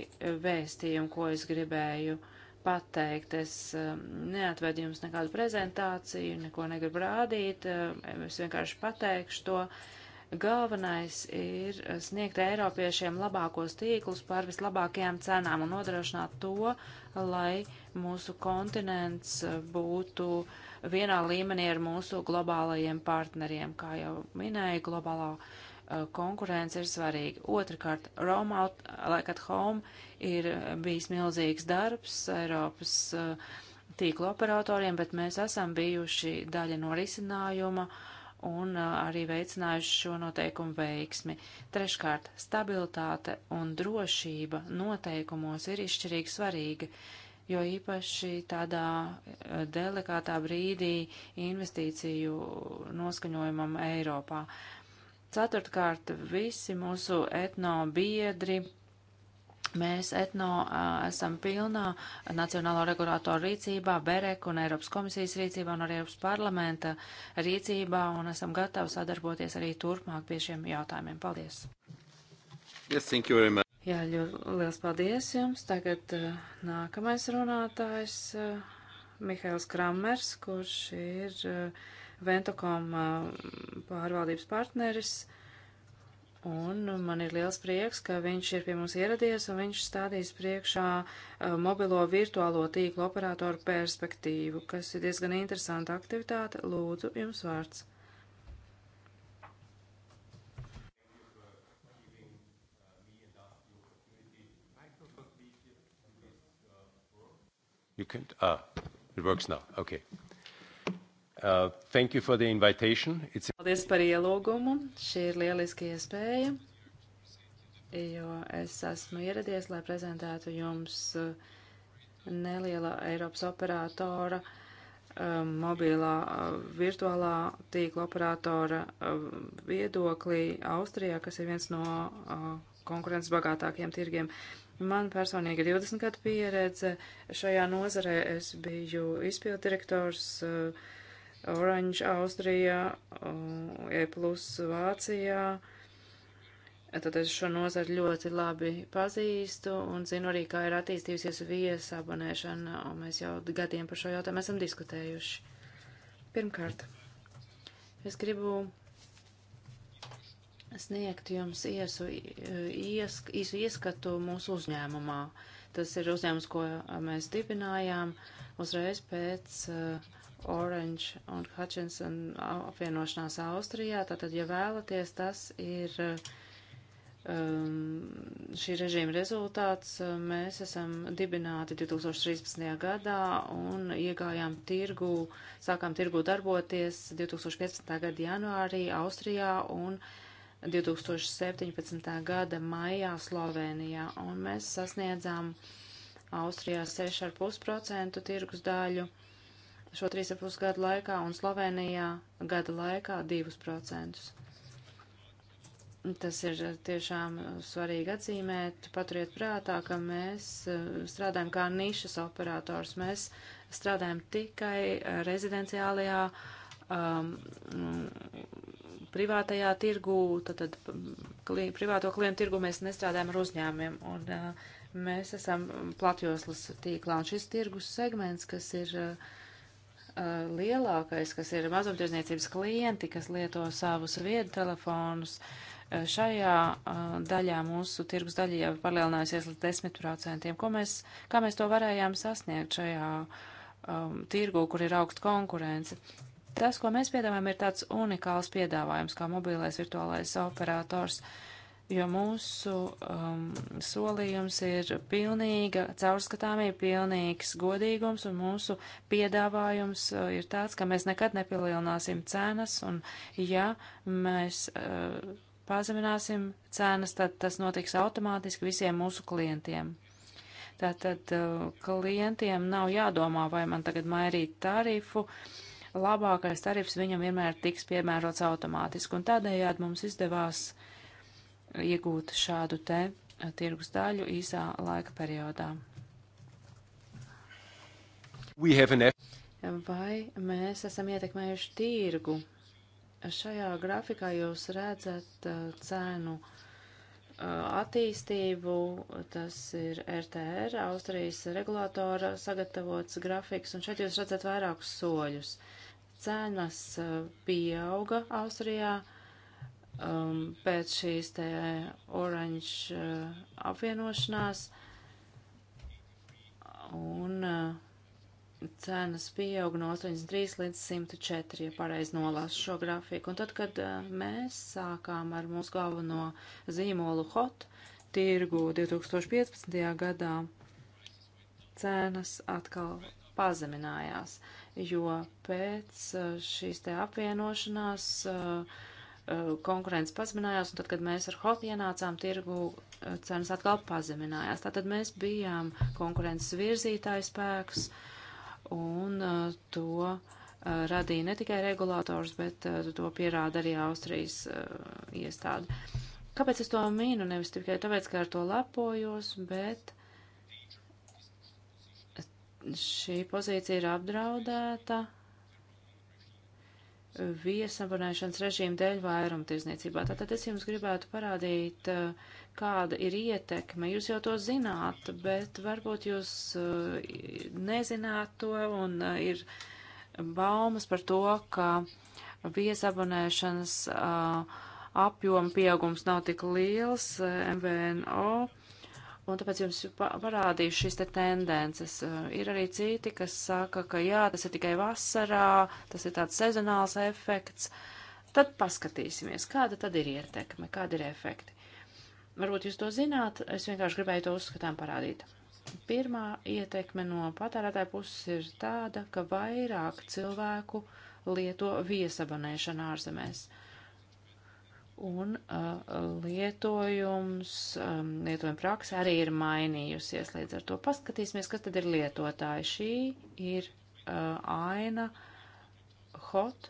vēstījumi, ko es gribēju uh, pateikt. Es um, neatvedu jums nekādu prezentāciju, neko negribu rādīt, um, es vienkārši pateikšu to. Galvenais ir sniegt Eiropiešiem labākos tīklus par vislabākajām cenām un nodrošināt to, lai mūsu kontinents uh, būtu vienā līmenī ar mūsu globālajiem partneriem. Kā jau minēju, globālā uh, Eh, konkurence ir svarīga. Otrakārt, Rome out, like at home ir bijis milzīgs darbs Eiropas eh, tīklu operatoriem, bet mēs esam bijuši daļa no risinājuma un eh, arī veicinājuši šo noteikumu veiksmi. Treškārt, stabilitāte un drošība noteikumos ir izšķirīgi svarīga, jo īpaši tādā delikātā brīdī investīciju noskaņojumam Eiropā. Uh, Ceturtkārt, visi mūsu etno biedri, mēs etno esam pilnā Nacionālo regulātoru rīcībā, BEREK un Eiropas komisijas rīcībā un arī Eiropas parlamenta rīcībā un esam gatavi sadarboties arī turpmāk pie šiem jautājumiem. Paldies! Yes, thank you very much. Jā, ļoti liels paldies jums. Tagad uh, nākamais runātājs uh, Mihails Kramers, kurš ir uh, Ventokom uh, pārvaldības partneris. Un man ir liels prieks, ka viņš ir pie mums ieradies un viņš stādīs priekšā uh, mobilo virtuālo tīklu operatoru perspektīvu, kas ir diezgan interesanta aktivitāte. Lūdzu, jums vārds. You can, ah, it works now. Okay. Uh, thank you for the invitation. It's... Paldies par ielūgumu. Šī ir lieliski iespēja, jo es esmu ieradies, lai prezentētu jums uh, neliela Eiropas operatora uh, mobilā uh, virtuālā tīkla operatora uh, viedoklī Austrijā, kas ir viens no konkurences bagātākiem tirgiem. Man personīgi ir 20 gadu pieredze šajā nozarē. Es biju izpildirektors direktors Orange Austrijā, uh, E plus Vācijā. Tad es šo nozari ļoti labi pazīstu un zinu arī, kā ir attīstījusies viesabonēšana, un mēs jau gadiem par šo jautājumu esam diskutējuši. Pirmkārt, es gribu sniegt jums iesu, ies, īsu ieskatu mūsu uzņēmumā. Tas ir uzņēmums, ko mēs dibinājām uzreiz pēc uh, Orange un Hutchinson apvienošanās Austrijā. Tātad, ja vēlaties, tas ir um, šī režīma rezultāts. Mēs esam dibināti 2013. gadā un iegājām tirgu, sākām tirgu darboties 2015. gada janvārī Austrijā un 2017. gada maijā Slovenijā. Un mēs sasniedzām Austrijā 6,5% tirgus daļu šo 3,5 gadu laikā un Slovenijā gada laikā 2%. Tas ir tiešām svarīgi atzīmēt. Paturiet prātā, ka mēs eh, strādājam kā nišas operators. Mēs strādājam tikai rezidenciālajā, um, privātajā tirgū, tad kli, privāto klientu tirgū mēs nestrādājam ar uzņēmumiem. Un, uh, mēs esam platjoslas tīklā. Un šis tirgus segments, kas ir uh, Eh, lielākais, kas ir mazumtirdzniecības klienti, kas lieto savus viedu telefonus, eh, šajā eh, daļā mūsu tirgus daļa jau ir palielinājusies līdz 10%. Ko mēs, kā mēs to varējām sasniegt šajā um, tirgu, kur ir augsta konkurence? Tas, ko mēs piedāvājam, ir tāds unikāls piedāvājums, kā mobilais virtuālais operators. Uh, jo mūsu um, solījums ir pilnīga caurskatāmība, pilnīgs godīgums, un mūsu piedāvājums uh, ir tāds, ka mēs nekad nepalielināsim cenas, un ja mēs uh, pazemināsim cenas, tad tas notiks automātiski visiem mūsu klientiem. Tātad uh, klientiem nav jādomā, vai man tagad mairīt tarifu. Labākais tarifs viņam vienmēr tiks piemērots automātiski, un tādējādi mums izdevās iegūt šādu te eh, tirgus daļu īsā laika periodā. Vai mēs esam ietekmējuši tirgu? Šajā grafikā jūs redzat eh, cēnu eh, attīstību, tas ir RTR, Austrijas regulātora sagatavots grafiks, un šeit jūs redzat vairākus soļus. Cenas pieauga Austrijā, uh, um, pēc šīs te oranžs uh, apvienošanās un uh, cenas pieaug no 83 līdz 104, ja pareizi nolāsu šo grafiku. Un tad, kad uh, mēs sākām ar mūsu galveno zīmolu hot tirgu 2015. gadā, cenas atkal pazeminājās, jo pēc uh, šīs te apvienošanās uh, Eh, konkurence pazeminājās, un tad, kad mēs ar hot ienācām tirgu, eh, cenas atkal pazeminājās. Tātad mēs bijām konkurences virzītājs spēks, un eh, to radīja ne tikai regulators, bet to pierāda arī Austrijas iestāde. Kāpēc es to mīnu? Nevis tikai tāpēc, ka ar to lepojos, bet šī pozīcija ir apdraudēta viesabonēšanas režīmu dēļ vairumtirdzniecībā. Tātad es jums gribētu parādīt, eh, kāda ir ietekme. Jūs jau to zināt, bet varbūt jūs eh, nezināt to un eh, ir baumas par to, ka viesabonēšanas apjoma pieaugums nav tik liels. MVNO Un tāpēc jums parādīšu šīs te tendences. Eh, ir arī citi, kas saka, ka jā, tas ir tikai vasarā, tas ir tāds sezonāls efekts. Tad paskatīsimies, kāda tad ir ietekme, kāda ir efekti. Varbūt jūs to zināt, es vienkārši gribēju to uzskatām parādīt. Pirmā ietekme no patērētāja puses ir tāda, ka vairāk cilvēku lieto viesabonēšanu ārzemēs. Uh, un uh, lietojums, um, lietojuma praksa arī ir mainījusies. Līdz ar to paskatīsimies, kas tad ir lietotāji. Šī ir uh, aina hot,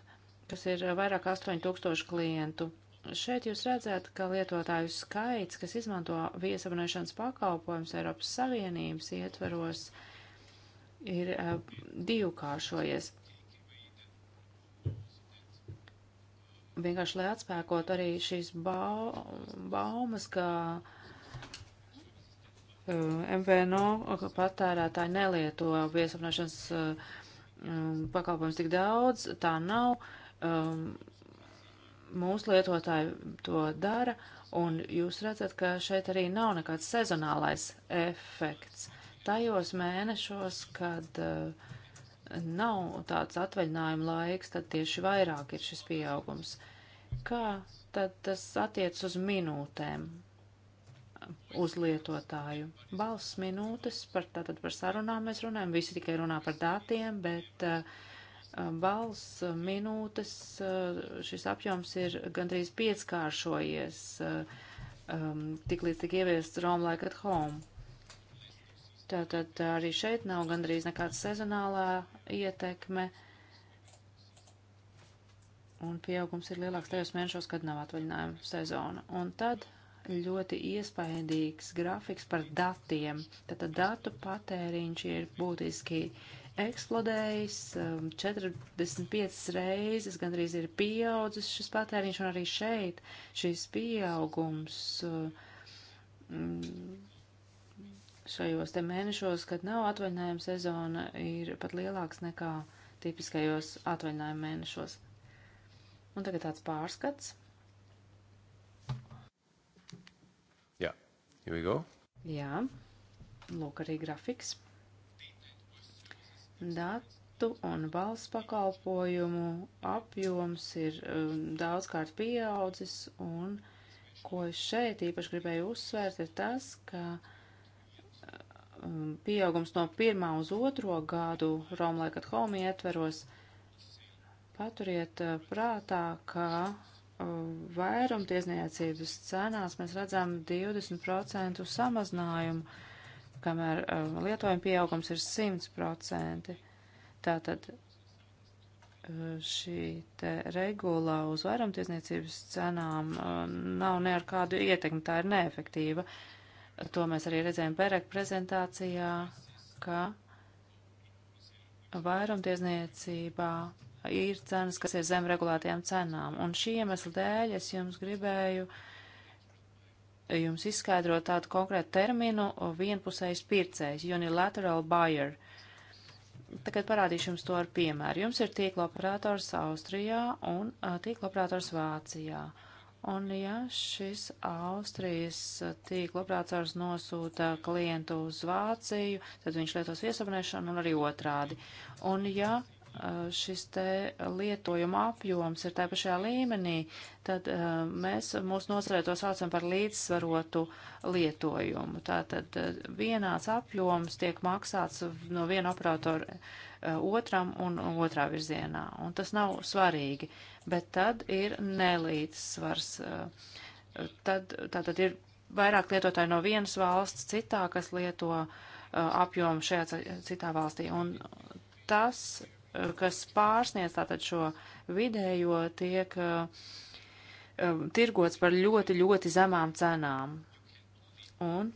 kas ir uh, vairāk 8000 klientu. Šeit jūs redzat, ka lietotāju skaits, kas izmanto viesabunēšanas pakalpojums Eiropas Savienības ietveros, ir uh, divkāršojies. vienkārši lai atspēkot arī šīs ba baumas, ka uh, eh, MVNO patērētāji nelieto viesapnošanas uh, eh, mm, pakalpojums tik daudz, tā nav. Um, mūsu lietotāji to dara, un jūs redzat, ka šeit arī nav nekāds sezonālais efekts. Tajos mēnešos, kad uh, nav tāds atvaļinājuma laiks, tad tieši vairāk ir šis pieaugums. Kā tad tas attiec uz minūtēm uz lietotāju? Balsts minūtes, par, tātad par sarunām mēs runājam, visi tikai runā par datiem, bet uh, balss minūtes, uh, šis apjoms ir gandrīz pieckāršojies, uh, um, tik līdz tik ieviests Rome like at home. Tātad arī šeit nav gandrīz nekāda sezonālā ietekme. Un pieaugums ir lielāks tajos mēnešos, kad nav atvaļinājuma sezona. Un tad ļoti iespaidīgs grafiks par datiem. Tātad datu patēriņš ir būtiski eksplodējis, 45 um, reizes gandrīz ir pieaudzis šis patēriņš, un arī šeit šis pieaugums. Uh, mm, šajos te mēnešos, kad nav atvaļinājuma sezona, ir pat lielāks nekā tipiskajos atvaļinājuma mēnešos. Un tagad tāds pārskats. Jā, yeah. here we go. Jā, lūk arī grafiks. Datu un valsts pakalpojumu apjoms ir um, daudzkārt pieaudzis un, ko es šeit īpaši gribēju uzsvērt, ir tas, ka uh, Um, pieaugums no pirmā uz otro gadu Rome Like at Home ietveros, paturiet uh, prātā, ka uh, vairumtiesniecības cenās mēs redzam 20% samazinājumu, kamēr uh, lietojuma pieaugums ir 100%. Tātad šī te regula uz vairumtiesniecības cenām nav ne ar kādu ietekmi, tā ir neefektīva. Uh, to mēs arī redzējām Berek prezentācijā, ka vairumtiesniecībā ir cenas, kas ir zem regulētajām cenām. Un šī iemesla dēļ es jums gribēju jums izskaidrot tādu konkrētu terminu vienpusējs pircējs, unilateral buyer. Tagad parādīšu jums to ar piemēru. Jums ir tīkla operators Austrijā un tīkla operators Vācijā. Uh, Un ja šis Austrijas tīkla operators nosūta klientu uz Vāciju, tad viņš lietos viesabunēšanu un arī otrādi. Un ja šis te lietojuma apjoms ir tā pašā līmenī, tad uh, mēs mūsu nozarē to saucam par līdzsvarotu lietojumu. Tātad vienāds apjoms tiek maksāts no viena operatora Uh, otram un otrā virzienā. Un tas nav svarīgi, bet tad ir nelīdzsvars. Uh, tad, tātad ir vairāk lietotāji no vienas valsts citā, kas lieto uh, apjomu šajā citā valstī. Un tas, kas pārsniedz tātad šo vidējo, tiek um, tirgots par ļoti, ļoti zemām cenām. Un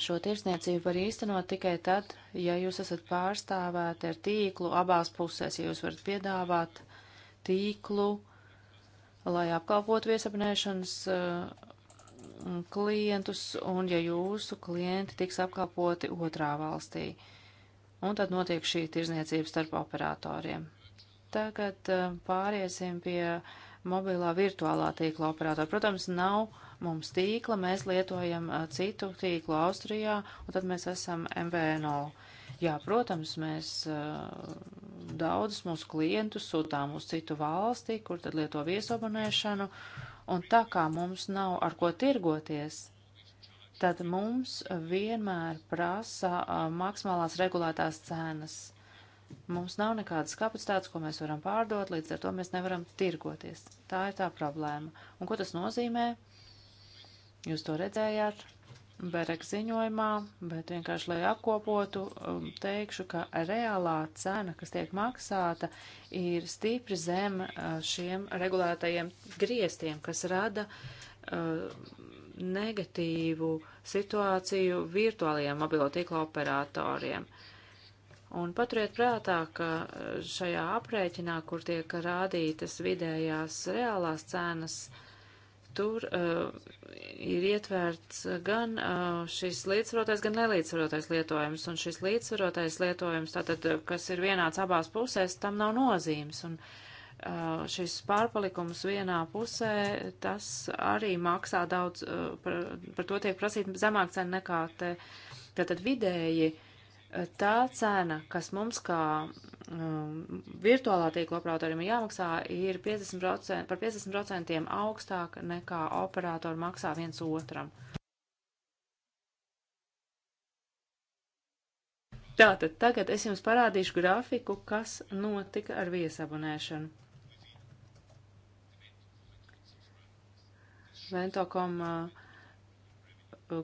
Šo tirsniecību var īstenot tikai tad, ja jūs esat pārstāvēti ar tīklu abās pusēs, ja jūs varat piedāvāt tīklu, lai apkalpotu viesapnēšanas eh, klientus, un ja jūsu klienti tiks apkalpoti otrā valstī. Un tad notiek šī tirzniecība starp operatoriem. Tagad eh, pāriesim pie mobilā virtuālā tīkla operatora. Protams, nav uh, mums tīkla, mēs lietojam citu tīklu Austrijā, un tad mēs esam MVNO. Jā, protams, mēs daudzus mūsu klientus sūtām uz citu valsti, kur tad lieto viesabonēšanu, un tā kā mums nav ar ko tirgoties, tad mums vienmēr prasa maksimālās regulētās cenas. Mums nav nekādas kapacitātes, ko mēs varam pārdot, līdz ar to mēs nevaram tirgoties. Tā ir tā problēma. Un ko tas nozīmē? Jūs to redzējāt Berek ziņojumā, bet vienkārši, lai apkopotu, um, teikšu, ka reālā cena, kas tiek maksāta, ir stipri zem uh, šiem regulētajiem griestiem, kas rada uh, negatīvu situāciju virtuālajiem mobilo tīkla operatoriem. Un paturiet prātā, ka uh, šajā aprēķinā, kur tiek rādītas vidējās reālās cenas, uh, Tur uh, ir ietverts gan uh, šis līdzsvarotais, gan nelīdzsvarotais lietojums, un šis līdzsvarotais lietojums, tātad, eh, kas ir vienāds abās pusēs, tam nav nozīmes. Un, uh, Šis pārpalikums vienā pusē, tas arī maksā daudz, uh, par, par to tiek prasīt zemāk cena nekā te, tātad vidēji tā cena, kas mums kā um, virtuālā tīkla operatoriem ir jāmaksā, ir 50%, par 50% augstāka nekā operatori maksā viens otram. Tātad tagad es jums parādīšu grafiku, kas notika ar viesabunēšanu. Ventokom uh,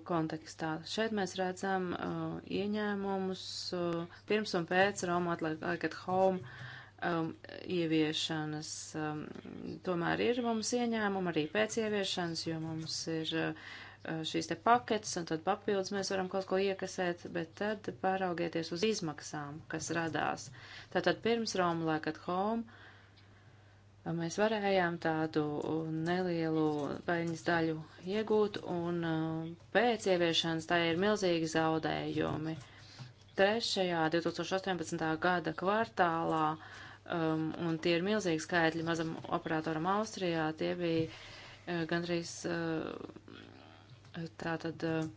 kontekstā. Šeit mēs redzam uh, ieņēmumus uh, pirms un pēc Roma Like at Home um, ieviešanas. Um, tomēr ir mums ieņēmumi arī pēc ieviešanas, jo mums ir uh, uh šīs te paketes un tad papildus mēs varam kaut ko iekasēt, bet tad pāraugieties uz izmaksām, kas radās. Tātad pirms Roma Like at Home mēs varējām tādu nelielu peļņas daļu iegūt, un uh, pēc ieviešanas tā ir milzīgi zaudējumi. Trešajā 2018. gada kvartālā, um, un tie ir milzīgi skaitļi mazam operatoram Austrijā, tie bija uh, gandrīz uh, tātad. Uh,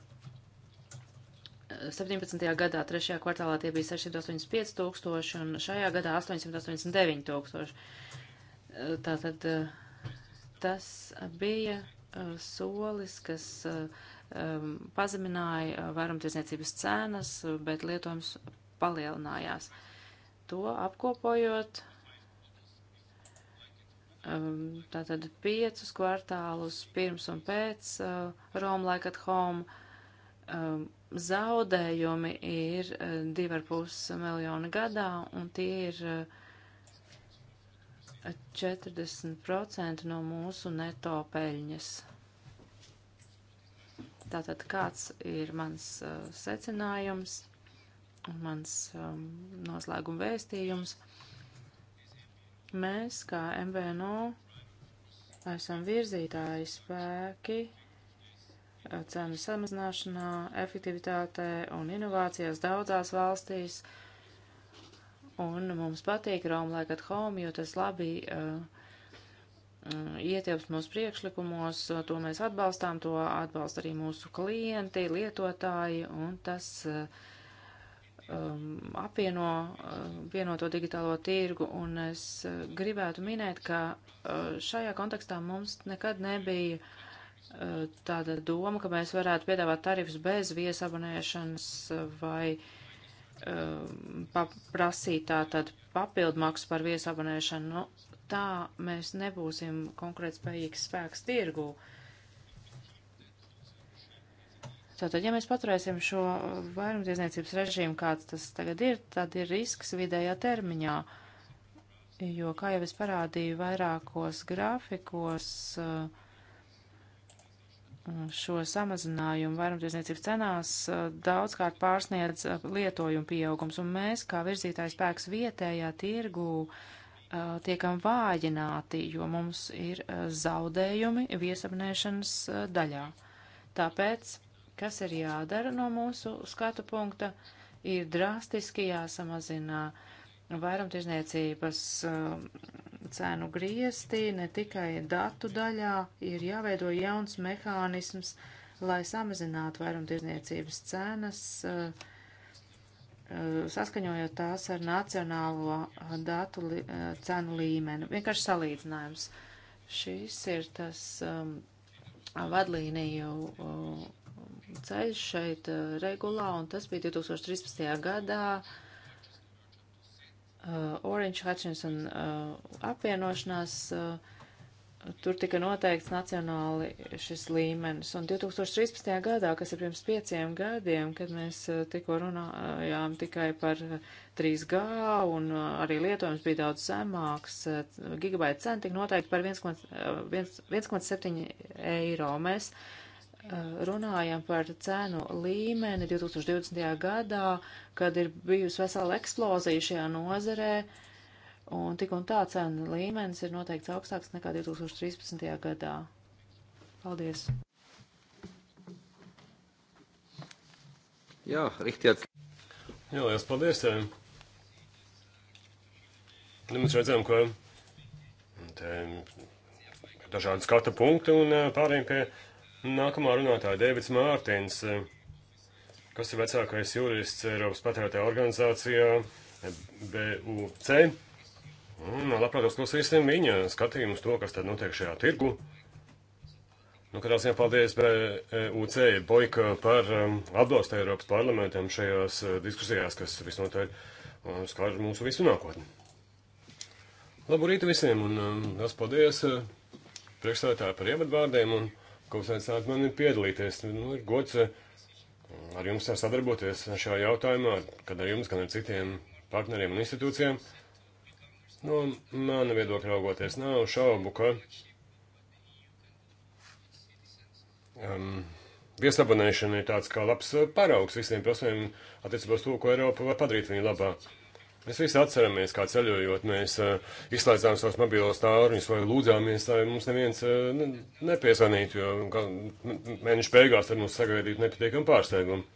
17. gadā, 3. kvartālā tie bija 685 tūkstoši un šajā gadā 889 tūkstoši. Uh, Tātad eh, tas bija eh, solis, kas eh, pazemināja vairumtirdzniecības cenas, bet lietojums palielinājās. To apkopojot, tātad piecus kvartālus pirms un pēc Rome Like at Home zaudējumi ir 2,5 miljoni gadā, un tie ir uh, 40% no mūsu neto peļņas. Tātad kāds ir mans uh, secinājums un mans um, noslēguma vēstījums? Mēs, kā MVNO, esam virzītāji spēki uh, cenu samazināšanā, efektivitātē un inovācijās daudzās valstīs, uh, un mums patīk Rome Like at Home, jo tas labi uh, uh ietilps mūsu priekšlikumos, uh, to mēs atbalstām, to atbalsta arī mūsu klienti, lietotāji, un tas uh, um, apvieno vienoto um, digitālo tirgu, un es gribētu minēt, ka uh, šajā kontekstā mums nekad nebija uh, tāda doma, ka mēs varētu piedāvāt tarifus bez viesabonēšanas vai uh, Um, prasīt tātad papildu maksu par viesabonēšanu, nu, tā mēs nebūsim konkurētspējīgs spēks tirgū. Tātad, ja mēs paturēsim šo vairumtiesniecības režīmu, kāds tas tagad ir, tad ir risks vidējā termiņā, jo, kā jau es parādīju vairākos grafikos, uh, šo samazinājumu vairumtirdzniecības cenās daudzkārt pārsniedz lietojumu pieaugums, un mēs, kā virzītājs spēks vietējā tirgū, tiekam vājināti, jo mums ir zaudējumi viesapnēšanas daļā. Tāpēc, kas ir jādara no mūsu skatu punkta, ir drastiski jāsamazina vairumtirdzniecības cenu griestī, ne tikai datu daļā, ir jāveido jauns mehānisms, lai samazinātu vairumtirdzniecības cenas, eh, eh, saskaņojot tās ar nacionālo eh, datu li, cenu līmeni. Vienkārši salīdzinājums. Šis ir tas um, vadlīniju um, ceļš šeit uh, regulā, un tas bija 2013. gadā. Uh, uh, Orange Hutchinson uh, apvienošanās, uh, tur tika noteikts nacionāli šis līmenis. Un 2013. gadā, kas ir pirms pieciem gadiem, kad mēs uh, tikko runājām tikai par 3G un uh, arī lietojums bija daudz zemāks, uh, gigabaita cena tika noteikti par 1,7 uh, eiro. Mēs uh, Eh, runājam par cenu līmeni 2020. gadā, kad ir bijusi vesela eksplozija šajā nozarē, un tik un tā cena līmenis ir noteikts augstāks nekā 2013. gadā. Paldies! Jā, riktiet. Jā, liels paldies tev. Nu, mēs redzam, ka te dažādi skata punkti un eh, pārējiem pie. Ka Nākamā runātāja Dēvids Mārtiņs, eh, kas ir vecākais jurists Eiropas patērētāja organizācijā BUC. Un eh, labprāt uzklausīsim viņa skatījumu uz to, kas tad notiek šajā tirgu. Nu, katrā ziņā paldies BUC Boika par eh, atbalstu Eiropas parlamentam šajās diskusijās, kas visnotaļ skar mūsu visu nākotni. Labu rītu visiem un liels paldies priekšstādātāji par ievadvārdiem. Un, ko uzaicināt mani piedalīties. Nu, ir gods eh, ar jums sadarboties šajā jautājumā, kad ar jums, gan ar citiem partneriem un institūcijām. No nu, mana viedokļa raugoties, nav šaubu, ka um, viesabonēšana ir tāds kā labs eh, paraugs visiem prasmēm attiecībā uz to, ko Eiropa var padarīt viņu labā. Uh, Mēs visi atceramies, kā ceļojot, mēs uh, izslēdzām savus mobilos tālruņus vai lūdzāmies, lai mums neviens uh, ne, nepiezvanītu, jo kā, mēneša beigās tad mums sagaidītu nepatīkamu pārsteigumu.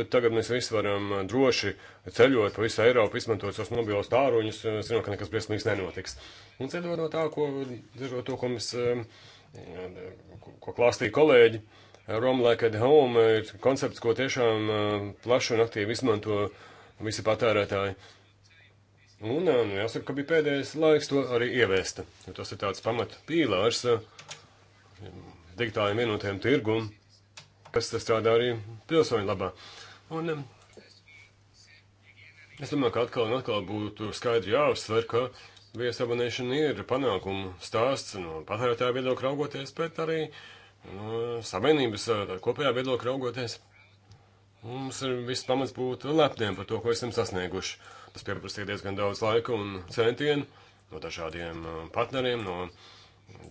Bet tagad mēs visi varam uh, droši ceļot pa visu Eiropu, izmantot savus mobilos tālruņus, uh, zinot, ka nekas briesmīgs nenotiks. Un ceļot no tā, ko, dzirdot to, ko mēs, uh, ko, ko klāstīja kolēģi. Rome Like at Home ir koncepts, ko tiešām uh, plaši un aktīvi izmanto uh, visi patērētāji. Un jāsaka, ka bija pēdējais laiks to arī ieviest, jo tas ir tāds pamata pīlārs eh, digitālajiem vienotiem tirgum, kas strādā arī pilsoņu labā. Un eh, es domāju, ka atkal un atkal būtu skaidri jāuzsver, ka viesabonēšana ir panākumu stāsts no patērētāja viedokļa raugoties, bet arī no savienības eh, kopējā viedokļa raugoties. Mums ir viss pamats būt lepniem par to, ko esam sasnieguši. Tas pieprasīja diezgan daudz laika un centienu no dažādiem uh, partneriem, no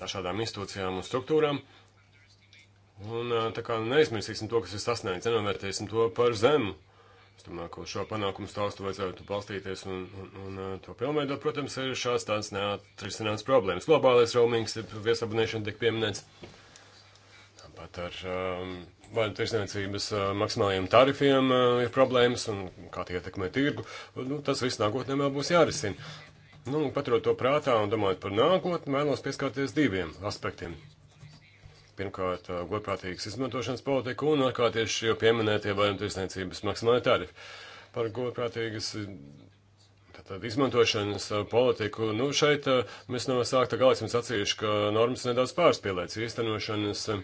dažādām institūcijām un struktūrām. Un uh, tā kā neizmirsīsim to, kas ir sasniegts, nenovērtēsim to par zemu. Es domāju, ka šo panākumu stāstu vajadzētu balstīties un, un, un uh, to pilnveidot. Protams, ir šāds tāds neatrisināts problēmas. Globālais roamings ir viesabunēšana tik pieminēts. Tāpat ar um, vai tirsniecības maksimālajiem tarifiem ir problēmas un kā tie ietekmē tirgu, nu, tas viss nākotnē vēl būs jārisina. Nu, paturot to prātā un domājot par nākotni, vēlos pieskarties diviem aspektiem. Pirmkārt, godprātīgas izmantošanas politika un otrkārt tieši jau pieminētie vai tirsniecības maksimālajie tarifi. Par godprātīgas Tātad izmantošanas politiku, nu šeit mēs no sākta galā esam sacījuši, ka normas nedaudz pārspīlēts īstenošanas. Uh,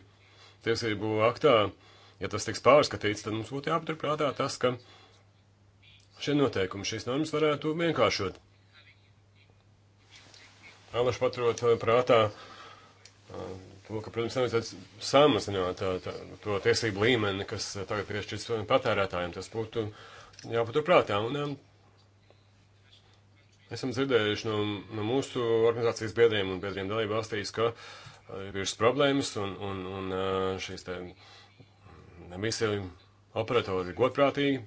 tiesību aktā, ja tas tiks pārskatīts, tad mums būtu jāpaturprātā tas, ka šie noteikumi, šīs normas varētu vienkāršot. Alaši paturot eh, prātā eh, to, ka, protams, nevajadzētu samazināt tā, tā, to tiesību līmeni, kas eh, tagad piešķirts patērētājiem. Tas būtu jāpaturprātā. Un, um, Esam dzirdējuši no, no mūsu organizācijas biedriem un biedriem dalību valstīs, ka uh, ir bijušas problēmas, un, un, un šīs te nebija operatori godprātīgi.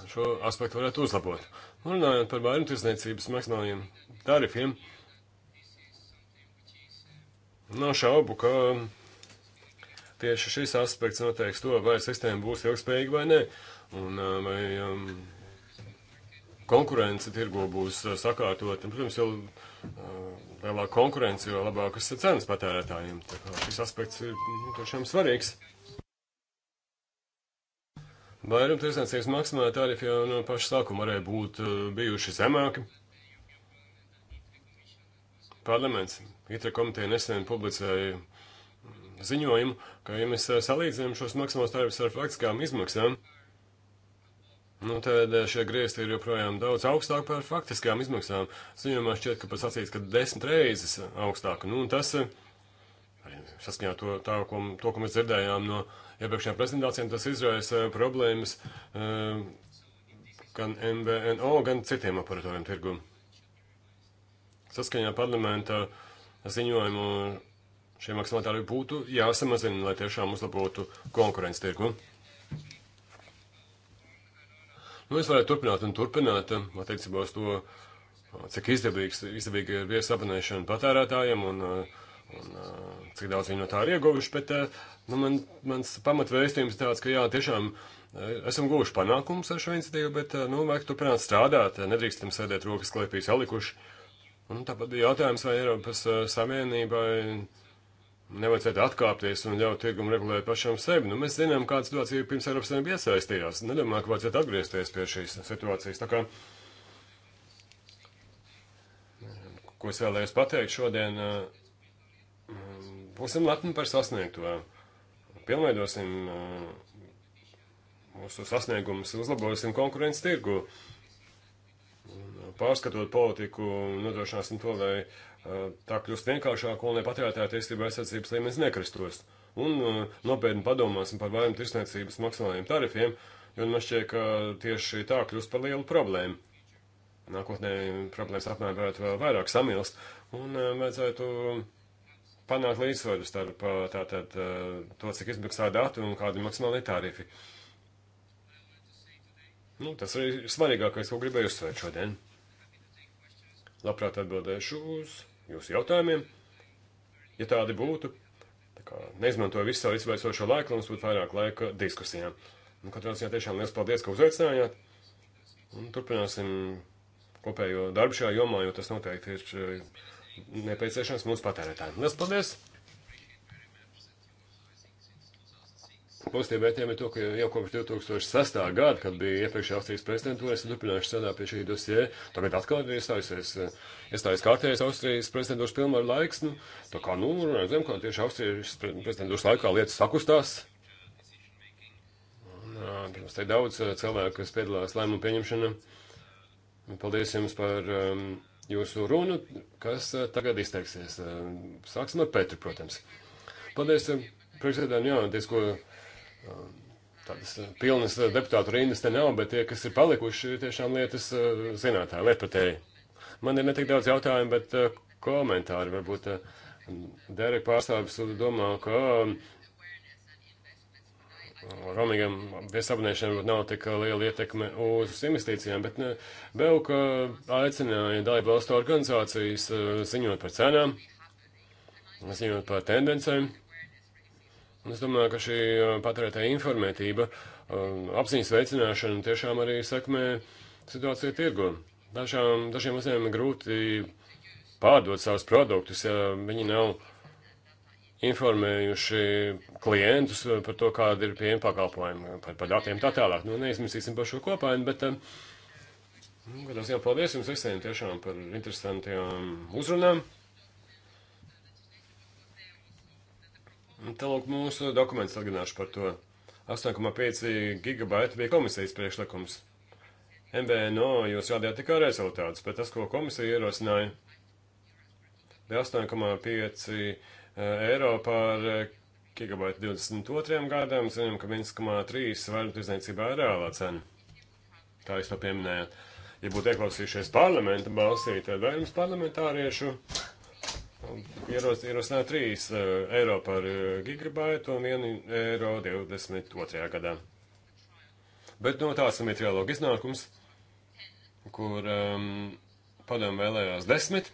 Un šo aspektu varētu uzlabot. Un runājot par vairuma tirsniecības maksimāliem tarifiem, nav šaubu, ka tieši šis aspekts noteiks to, vai sistēma būs ilgspējīga vai nē, un vai um, konkurence tirgo būs sakārtot. Un, protams, jau uh, lielāka konkurence, jo labākas cenas patērētājiem. Tā kā šis aspekts ir nu, tiešām svarīgs. Vairuma tirsniecības maksimālā tarifa jau no paša sākuma varēja būt eh, bijuši zemāki. Parlaments, ITRA komiteja nesen publicēja mm, ziņojumu, ka, ja mēs eh, salīdzinām šos maksimālos tarifus ar faktiskām izmaksām, ja? Nu, tad eh, šie griezti ir joprojām daudz augstāk par faktiskām izmaksām. Ziņojumā šķiet, ka pat sacīts, ka desmit reizes augstāk. Nu, un tas, eh, saskaņā to, tā, ko, to, ko mēs dzirdējām no iepriekšējām prezentācijām, tas izraisa problēmas eh, gan MVNO, gan citiem operatoriem tirgu. Saskaņā parlamenta ziņojumu šiem maksātājiem būtu jāsamazina, lai tiešām uzlabotu konkurences tirgu. Nu, es varētu turpināt un turpināt um, attiecībā uz to, uh, cik izdevīgs, izdevīga ir viesabonēšana patērētājiem un, uh, un uh, cik daudz viņi no tā ir ieguvuši, bet nu, man, mans pamatvēstījums tāds, ka jā, tiešām esam guvuši panākumus ar šo iniciatīvu, bet, nu, vajag turpināt strādāt, nedrīkstam sēdēt rokas klēpī salikuši. Un tāpat bija jautājums, vai Eiropas Savienībai Nevajadzētu atkāpties un ļaut tirgumu regulēt pašam sevi. Nu, mēs zinām, kāda situācija pirms Eiropas Savienība iesaistījās. Nedomāju, ka vajadzētu atgriezties pie šīs situācijas. Tā kā, ko es vēlējos pateikt šodien, būsim lepni par sasniegto. Pilnveidosim mūsu sasniegumus, uzlabosim konkurences tirgu. Pārskatot politiku, nodrošināsim to, lai Eh, tā kļūst vienkāršāk un lai patērētāja tiesība aizsardzības līmenis nekristos. Un eh, nopietni padomāsim par vairumu tirsniecības maksimālajiem tarifiem, jo man šķiet, ka tieši tā kļūst par lielu problēmu. Nākotnē problēmas apmēram varētu vēl vairāk samilst un eh, vajadzētu panākt līdzsvaru starp tātad to, cik izmaksā dati un kādi maksimālie tarifi. Nu, tas arī ir svarīgākais, ko gribēju uzsvērt šodien. Labprāt atbildēšu uz jūsu jautājumiem, ja tādi būtu. Tā kā neizmantoju visu savu izvaicošo laiku, lai mums būtu vairāk laika diskusijām. Nu, katrā ziņā tiešām liels paldies, ka uzaicinājāt. Un turpināsim kopējo darbu šajā jomā, jo tas noteikti ir eh, nepieciešams mūsu patērētājiem. Liels paldies! Pozitīvi vērtējumi ir to, ka jau kopš 2006. gada, kad bija iepriekšējā Austrijas prezidentūra, esam turpinājuši strādāt pie šī dosie. Tagad atkal ir iestājusies, eh, iestājas kārtējais Austrijas prezidentūras pilnvaru laiks. Nu, tā kā, nu, redzam, ka tieši Austrijas prezidentūras laikā lietas sakustās. Protams, te ir daudz cilvēku, kas piedalās lēmumu pieņemšanā. Paldies jums par um, jūsu runu, kas uh, tagad izteiksies. Uh, sāksim ar Petru, protams. Paldies, uh, priekšsēdētājiem, nu jā, diezko tādas eh, pilnas eh, deputātu rindas te nav, bet tie, kas ir palikuši, ir tiešām lietas eh, zinātāji, lietpratēji. Man ir netik daudz jautājumu, bet komentāri varbūt Derek pārstāvis domā, ka romīgam viesabunēšanai varbūt nav tik liela ietekme uz investīcijām, bet Belka aicināja dalību valstu organizācijas ziņot par cenām, ziņot par tendencēm. Un es domāju, ka šī uh, patērētāja informētība, uh, apziņas veicināšana tiešām arī sekmē situāciju tirgu. Dažām, dažiem uzņēmumiem ir grūti pārdot savus produktus, ja viņi nav informējuši klientus uh, par to, kāda ir pieejama pakalpojuma, par, par datiem tā tālāk. Nu, neizmirsīsim par šo kopainu, bet, nu, gadās jau paldies jums visiem tiešām par interesantiem uzrunām. Tālāk mūsu dokuments atgādināšu par to. 8,5 gigabaita bija komisijas priekšlikums. MVNO jūs rādījāt tikai rezultātus, bet tas, ko komisija ierosināja, bija 8,5 e, eiro par e, gigabaitu 22. gadam. Zinām, ka 1,3 vairuma izniecībā ir reālā cena. Kā jūs to pieminējāt? Ja būtu ieklausījušies parlamenta balsī, tad vairums parlamentāriešu ieros, ierosināja 3 eh, eiro par eh, gigabaitu un 1 eiro 22. gadā. Bet no nu, tā esam ir trialoga iznākums, kur um, padomu vēlējās 10.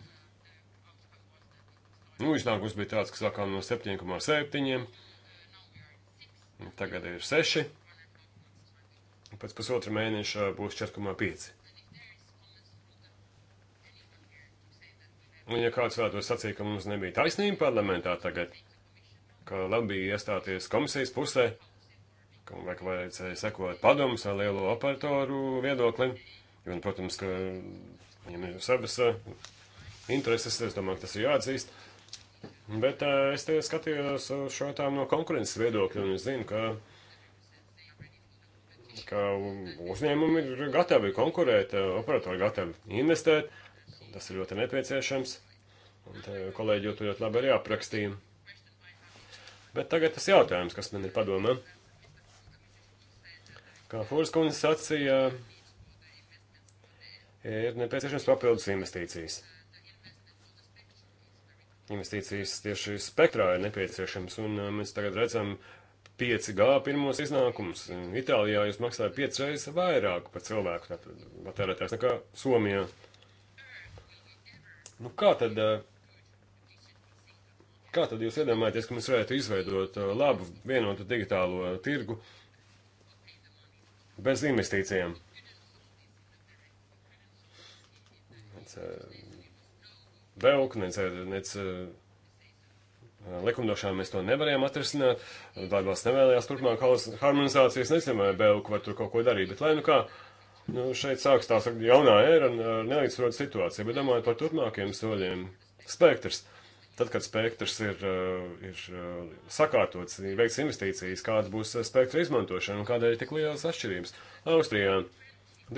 Nu, iznākums bija tāds, ka sākām no 7,7. Tagad ir 6. Pēc pusotra mēneša būs 4,5. Un ja kāds vēlētos sacīt, ka mums nebija taisnība parlamentā tagad, ka labi bija iestāties komisijas pusē, ka vai ka vajadzēja sekot padomus ar lielo operatoru viedokli, un, protams, ka viņam ir savas eh, intereses, es domāju, ka tas ir jāatzīst. Bet uh, es tikai skatījos uz šo tām no konkurences viedokļa, un es zinu, ka, ka uzņēmumi ir gatavi konkurēt, eh, operatori gatavi investēt. Uh, Tas ir ļoti nepieciešams. Un te eh, kolēģi jau to ļoti labi arī aprakstīja. Bet tagad tas jautājums, kas man ir padomā. Kā Fūras kundze sacīja, ir nepieciešams papildus investīcijas. Investīcijas tieši spektrā ir nepieciešams, un eh, mēs tagad redzam 5G pirmos iznākumus. Itālijā jūs maksājat 5 reizes vairāk par cilvēku patērētājs nekā Somijā. Nu, kā tad, eh, kā tad jūs iedomājaties, ka mēs varētu izveidot eh, labu vienotu digitālo tirgu bez investīcijām? Nec eh, velk, nec, nec likumdošanā mēs to nevarējām atrisināt. Dalībās nevēlējās turpmāk harmonizācijas, nezinu, vai velk var tur kaut ko darīt, bet lai nu kā. Uh, Nu, šeit sāks tā saka, jaunā era ar nelīdzsvarotu situāciju, bet domājot par turpmākiem soļiem, spektrs. Tad, kad spektrs ir, ir sakārtots, ir veikts investīcijas, kāda būs spektra izmantošana un kādēļ ir tik lielas atšķirības. Austrijā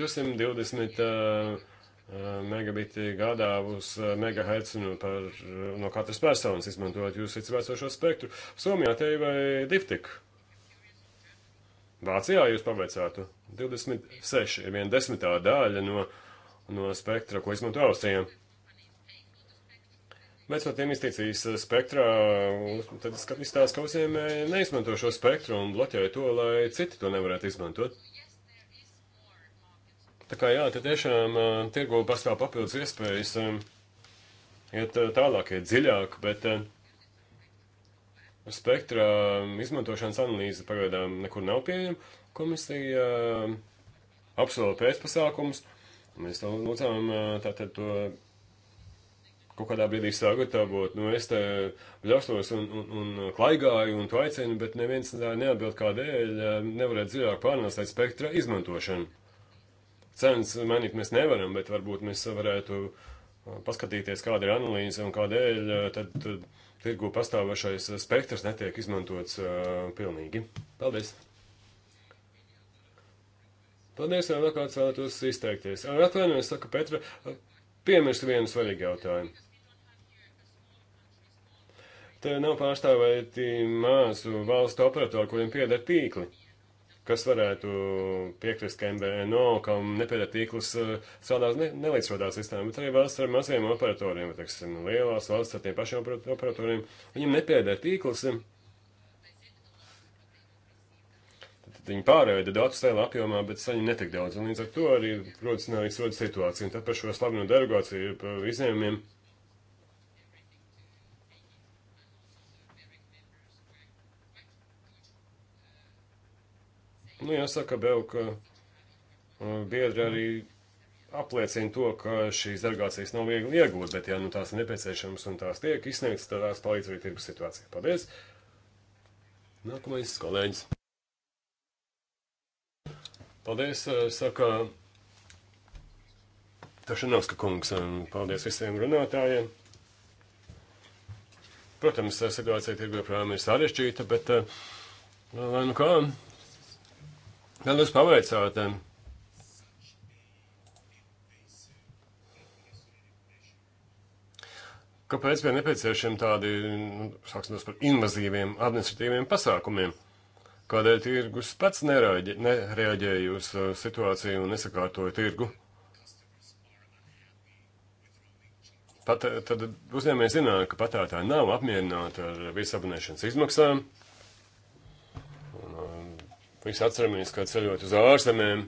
220 uh, megabiti gadā uz megahercu nu, par, no katras personas izmantojot jūsu civilizošo spektru. Somijā te jau ir diftika Vācijā jūs paveicātu 26, ir viena desmitā daļa no, no spektra, ko izmanto Austrija. Bet no tiem investīcijas spektrā, tad izskatās, ka uzņēmēji neizmanto šo spektru un bloķē to, lai citi to nevarētu izmantot. Tā kā jā, tad tiešām tirgo pastāv papildus iespējas iet tālāk, iet dziļāk, bet uh, spektra um, izmantošanas analīze pagaidām nekur nav pieejama. Komisija um, apsola pēcpasākumus. Mēs to lūdzām uh, tātad to kaut kādā brīdī sagatavot. Nu, es te bļaustos un, un, un klaigāju un to aicinu, bet neviens neatbild kādēļ uh, nevarētu dziļāk pārnāstīt spektra izmantošanu. Cenas mainīt mēs nevaram, bet varbūt mēs varētu uh, paskatīties, kāda ir analīze un kādēļ tad, tad tirgu pastāvošais eh, spektrs netiek izmantots uh, pilnīgi. Paldies! Paldies, vēl kāds vēlētos izteikties. Ar atvainojos, saka Petra, eh, piemirst vienu svarīgu jautājumu. Te nav pārstāvēti mazu valstu operatoru, kuriem pieder tīkli kas varētu piekrist, ka MVNO, kam nepiedara tīklus, eh, strādās ne, nelīdzsvarotā sistēmā, bet arī valsts ar maziem operatoriem, teiksim, lielās valsts ar tiem pašiem operatoriem, viņiem nepiedara tīklus. Tad viņi pārveida datus lielā apjomā, bet saņem netik daudz, un līdz ar to arī rodas nelīdzsvarota situācija, un tad par šo slavenu derogāciju par izņēmumiem. Nu, jāsaka, Belka uh, biedri arī apliecina to, ka šīs derogācijas nav viegli iegūt, bet, ja nu, tās ir nepieciešamas un tās tiek izsniegtas, tad tās palīdz arī tirgus situācijai. Paldies! Nākamais kolēģis. Paldies, uh, saka Tašanovska kungs, un paldies visiem runātājiem. Protams, situācija tirgu joprojām ir sarežģīta, bet, uh, lai nu kā, Gan jūs paveicāt. Kāpēc bija nepieciešami tādi, nu, sāksim par invazīviem administratīviem pasākumiem? Kādēļ tirgus pats nereaģē, nereaģēja uz uh, situāciju un nesakārtoja tirgu? Pat, tad uzņēmēji zināja, ka patērētāji nav apmierināti ar viesabunēšanas izmaksām, Visi atceramies, kā ceļot uz ārzemēm.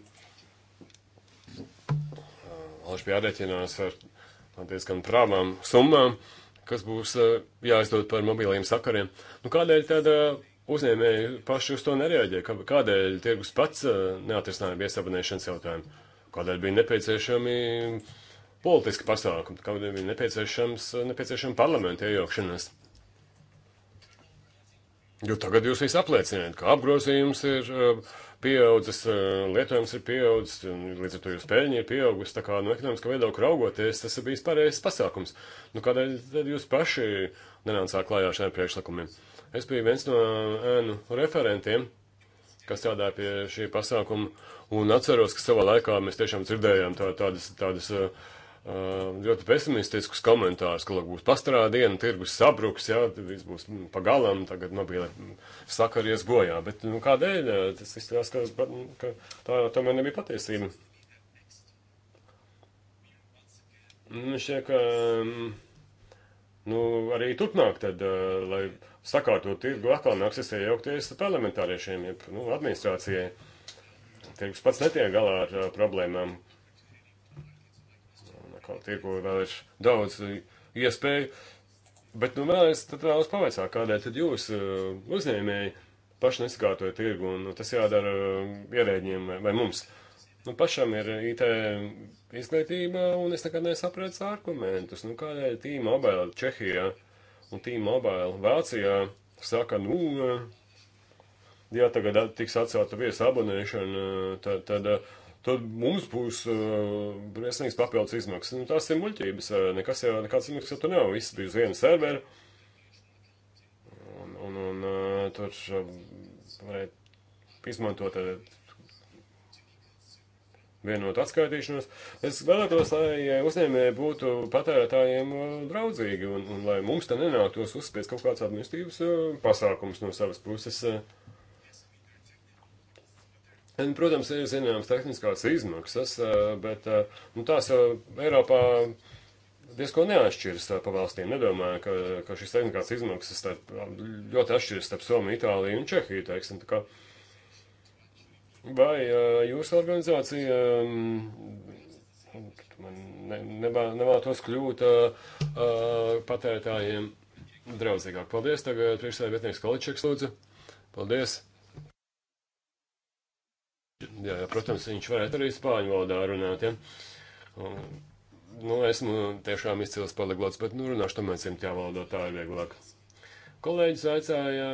Alši bija jārēķinās ar diezgan prāvām summām, kas būs jāizdod par mobiliem sakariem. Nu, kādēļ tad uzņēmēji paši uz to nereaģē? Kādēļ tirgus pats neatrisināja viesabonēšanas jautājumu? Kādēļ bija nepieciešami politiski pasākumi? Kādēļ bija nepieciešams, nepieciešama parlamenta iejaukšanās? Jo tagad jūs visi apliecināt, ka apgrozījums ir eh, pieaudzis, eh, lietojums ir pieaudzis, un līdz ar to jūsu peļņa ir pieaugusi. Tā kā no nu, ekonomiskā viedokļa raugoties, tas ir bijis pareizs pasākums. Nu, kādēļ tad jūs paši nenācāt klājā šiem priekšlikumiem? Es biju viens no ēnu eh, referentiem, kas strādāja pie šī pasākuma, un atceros, ka savā laikā mēs tiešām dzirdējām tā, tādas, tādas uh, ļoti pesimistiskus komentārus, ka, lūk, būs pastarā diena, tirgus sabruks, jā, viss būs mm, pagalām, tagad mobīlē mm, sakaries bojā. Bet, nu, kādēļ? Tas izskatās, ka, ka tā tomēr nebija patiesība. Nu, šķiet, ka, mm, nu, arī turpmāk tad, lai sakārtot tirgu, atkal nāksies iejaukties parlamentāriešiem, jeb, nu, administrācijai. Tirgus pats netiek galā ar problēmām. Uh, tirgu vēl ir daudz iespēju. Bet, nu, vēlreiz vēlos pavaicāt, kādēļ tad jūs eh, uzņēmēji paši nesakārtojat tirgu, un nu, tas jādara eh, ierēģiem vai, vai mums. Nu, pašam ir IT izglītība, un es nekad nesapratu argumentus. Nu, kādēļ T-Mobile Čehijā un T-Mobile Vācijā saka, nu, eh, ja tagad tiks atcelta viesu abonēšana, tad, tad tad mums būs uh, briesmīgs papildus izmaksas. Nu, tās ir muļķības, eh, nekas jau nekāds izmaksas tur nav, viss bija uz viena servera. Un, un, un uh, tur varēja izmantot vienot atskaitīšanos. Es vēlētos, lai uzņēmēji būtu patērētājiem draudzīgi un, un lai mums te nenāktos uzspies kaut kāds administrīvas pasākums no savas puses. Uh, Un, protams, ir zināmas tehniskās izmaksas, eh, bet eh, nu, tās eh, Eiropā diezko neatšķiras pa valstīm. Nedomāju, ka, ka šīs tehniskās izmaksas starp, ļoti atšķiras starp Somiju, Itāliju un Čehiju, teiksim. Tā kā, vai jūsu organizācija mm, ne, nevēlētos kļūt patērētājiem draudzīgāk? Paldies, tagad priekšsēdētājs Kaličeks lūdzu. Paldies! Jā, jā, protams, viņš varētu arī spāņu valodā runāt. Ja? Un, nu, esmu tiešām izcils poliglots, bet nu, runāšu tomēr simtjā valodā, tā ir vieglāk. Kolēģis aicāja,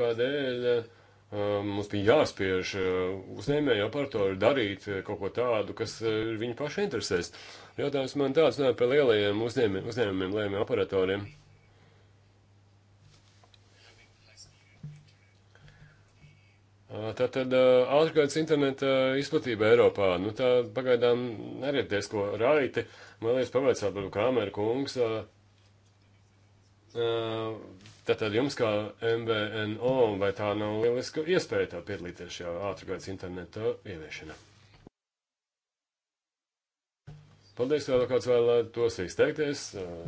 kādēļ um, mums bija jāspiež uh, uzņēmēju operatoru darīt uh, kaut ko tādu, kas uh, viņu paši interesēs. Jautājums man tāds, nē, nu, par lielajiem uzņēmumiem, uzņēmumiem, lielajiem operatoriem. Uzņēmiem, Tātad ātrgaitas interneta izplatība Eiropā, nu tā pagaidām nerieties, ko raiti. Man liekas, pavaicāt, varbūt Kāmera kungs. Tātad jums kā MVNO, vai tā nav lieliska iespēja tā piedalīties šajā ātrgaitas interneta ieviešanā? Paldies, vēl kāds vēlētos izteikties,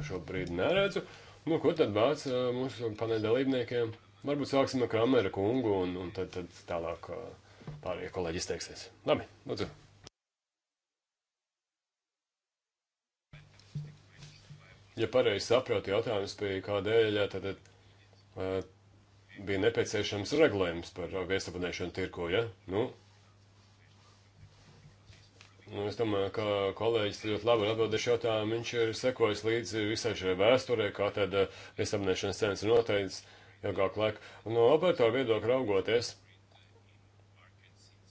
šobrīd neredzu. Nu, ko tad vārds mūsu paneļa dalībniekiem? Varbūt sāksim no Kramera kungu un, un tad, tad tālāk uh, pārējie kolēģi izteiksies. Labi, lūdzu. Ja pareizi sapratu jautājums bija, kādēļ tad, tad, uh, bija nepieciešams regulējums par viesabunēšanu tirko, ja? Nu, Nu, es domāju, ka kolēģis ļoti labi atbildēs jautājumu. Viņš ir sekojis līdzi visai šai vēsturē, kā tad uh, viesapnešanas cenas ir noteicis ilgāku laiku. Un no operatora viedokļa raugoties,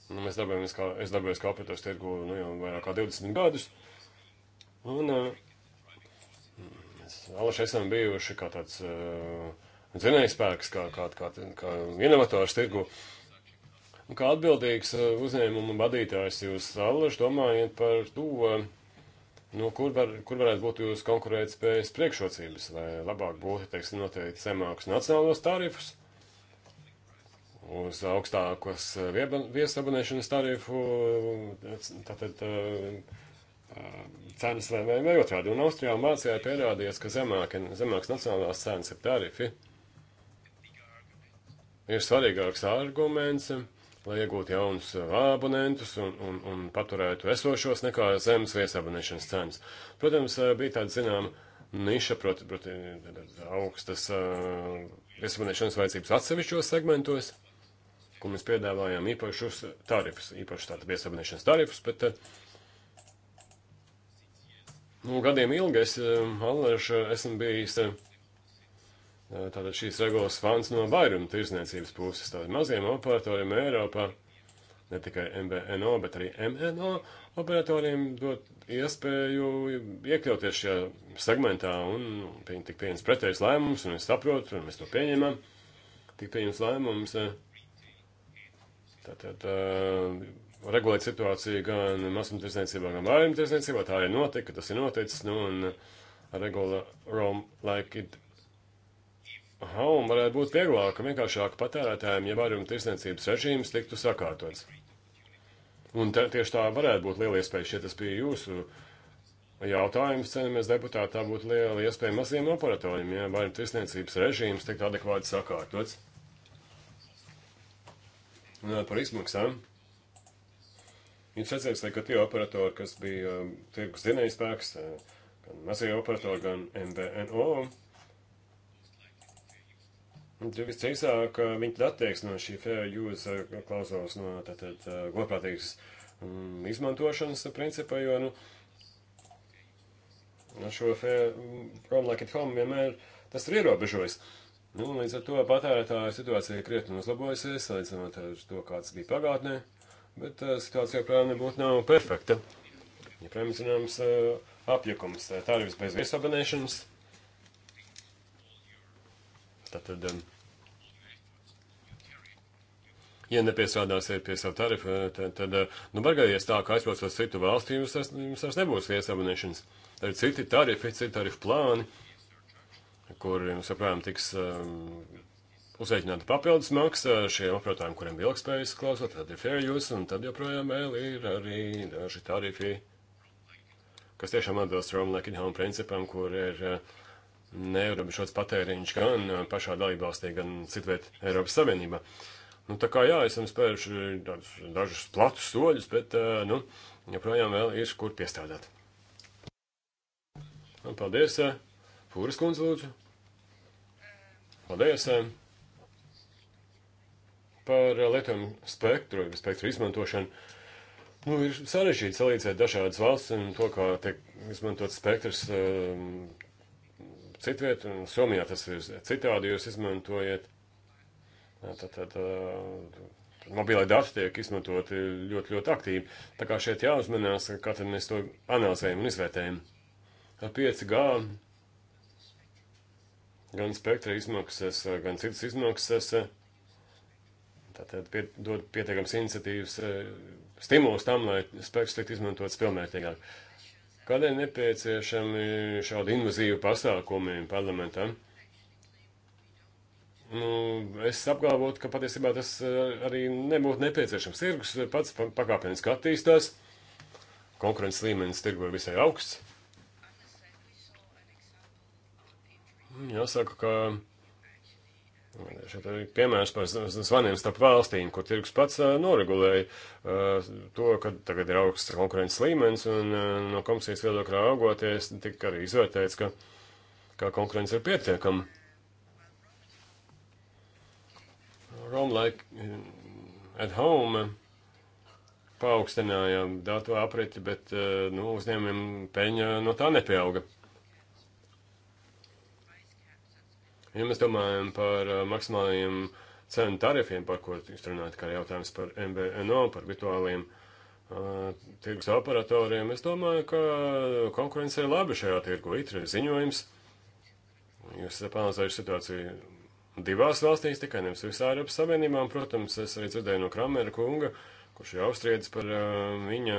nu, mēs darbojamies kā, es darbojos kā operators tirgu nu, jau vairāk kā 20 gadus. Un eh, mēs alaši esam bijuši kā tāds uh, dzinējspēks, kā, kā, kā, kā inovators tirgu. Un kā atbildīgs eh, uzņēmuma vadītājs jūs alaši domājat par to, uh, Nu, kur, var, kur varētu būt jūsu konkurētspējas priekšrocības, lai labāk būtu, teiksim, noteikti zemākus nacionālos tarifus, uz augstākos eh, viesabonēšanas tarifu, tātad eh, eh, cenas vai, vai, vai otrādi. Un Austrijā un Vācijā ir pierādījies, ka zemāk, zemāks nacionālās cenas ir tarifi. Ir svarīgāks arguments lai iegūtu jaunus uh, abonentus un, un, un paturētu esošos, nekā zemes viesabonēšanas cenas. Protams, uh, bija tāda zināma niša, proti, proti augstas uh, viesabonēšanas vajadzības atsevišķos segmentos, kur mēs piedāvājām īpašus tarifus, īpašus tātad viesabonēšanas tarifus, bet nu, gadiem ilgi es, Allerš, esmu bijis. Uh, Tātad šīs regulas fans no vairuma tirzniecības puses, tātad maziem operatoriem Eiropā, ne tikai MVNO, bet arī MNO operatoriem dot iespēju iekļauties šajā segmentā un nu, tik pieņems pretējs lēmums, un es saprotu, un mēs to pieņemam, tik pieņems lēmums, tātad regulēt situāciju gan masumtirdzniecībā, gan vairuma tirdzniecībā, tā arī notika, tas ir noticis, nu, un regula Rome like it Aha, un varētu būt vieglāk un vienkāršāk patērētājiem, ja vairuma tirsniecības režīms tiktu sakārtots. Un te, tieši tā varētu būt liela iespēja, ja tas bija jūsu jautājums, cenamies deputāti, tā būtu liela iespēja maziem operatoriem, ja vairuma tirsniecības režīms tiktu adekvāti sakārtots. Runājot par izmaksām. Jūs redzēsiet, ka tie operatori, kas bija um, tirgus dienējspēks, eh, gan mazie operatori, gan MVNO, Drīzāk viņi tad attieksmi no šī fair use klauzulas, no tātad godprātīgas um, izmantošanas principa, jo, nu, šo fair, from mm, like at home vienmēr tas ir ierobežojis. Nu, līdz ar to patērētāja situācija krietni uzlabojusies, salīdzinot ar to, kāds bija pagātnē, bet uh, situācija joprojām nebūtu nav perfekta. Ja, protams, zināms, uh, apjukums, tarifs bez viesabanēšanas. Tātad um, ja nepiestrādāsiet pie savu tarifu, eh, tad, tad eh, nu, bargājies tā, ka aizbraucot uz citu valsti, jums vairs, jums vairs nebūs viesabonēšanas. Tad ir citi tarifi, citi tarifu plāni, kur, saprām, tiks um, uzveicināta papildus maksa šiem operatāriem, kuriem bija ilgspējas klausot, tad ir fair use, un tad joprojām vēl ir arī daži tarifi, kas tiešām atbilst Rome like in home principam, kur ir uh, neierobežots patēriņš gan pašā dalībvalstī, gan citviet Eiropas Savienībā. Uh, Nu, tā kā jā, esam spēruši tādus, dažus platus soļus, bet, nu, joprojām vēl ir kur piestādāt. Un nu, paldies, Fūras kundze, lūdzu. Paldies par lietojumu spektru, spektru izmantošanu. Nu, ir sarežģīti salīdzēt dažādas valsts un to, kā tiek izmantot spektrs um, citviet, un Somijā tas ir citādi, jūs izmantojat Tad, tad, mobilai dati tiek izmantoti ļoti, ļoti aktīvi. Tā kā šeit jāuzmanās, kā tad mēs to analizējam un izvērtējam. Ar 5G gan spektra izmaksas, gan citas izmaksas, tātad pie, dod pietiekams iniciatīvas stimulus tam, lai spektrs tiktu izmantots pilnvērtīgāk. Kādēļ nepieciešami šādi invazīvi pasākumi parlamentam? Nu, es apgalvotu, ka patiesībā tas eh, arī nebūtu nepieciešams. Tirgus pats pakāpeniski attīstās, konkurences līmenis tirgu ir visai augsts. Jāsaka, ka eh, šeit arī piemērs par zvaniem starp valstīm, kur tirgus pats eh, noregulēja to, ka tagad ir augsts konkurences līmenis, un no komisijas viedokļa augoties tika arī izvērtēts, ka, ka konkurence ir pietiekama. Home Like eh, at Home eh, paaugstinājām datu apriti, bet eh, nu, uzņēmumiem peļņa no tā nepieauga. Ja mēs domājam par maksimālajiem cenu tarifiem, par ko jūs runājat, kā jautājums par MVNO, par virtuāliem uh, tirgus operatoriem, es domāju, ka konkurence ir labi šajā tirgu. Itri ziņojums. Jūs esat panācējuši situāciju divās valstīs, tikai nevis visā Eiropas Savienībā. Protams, es arī dzirdēju no Kramera kunga, kurš ir austriedis par uh, viņa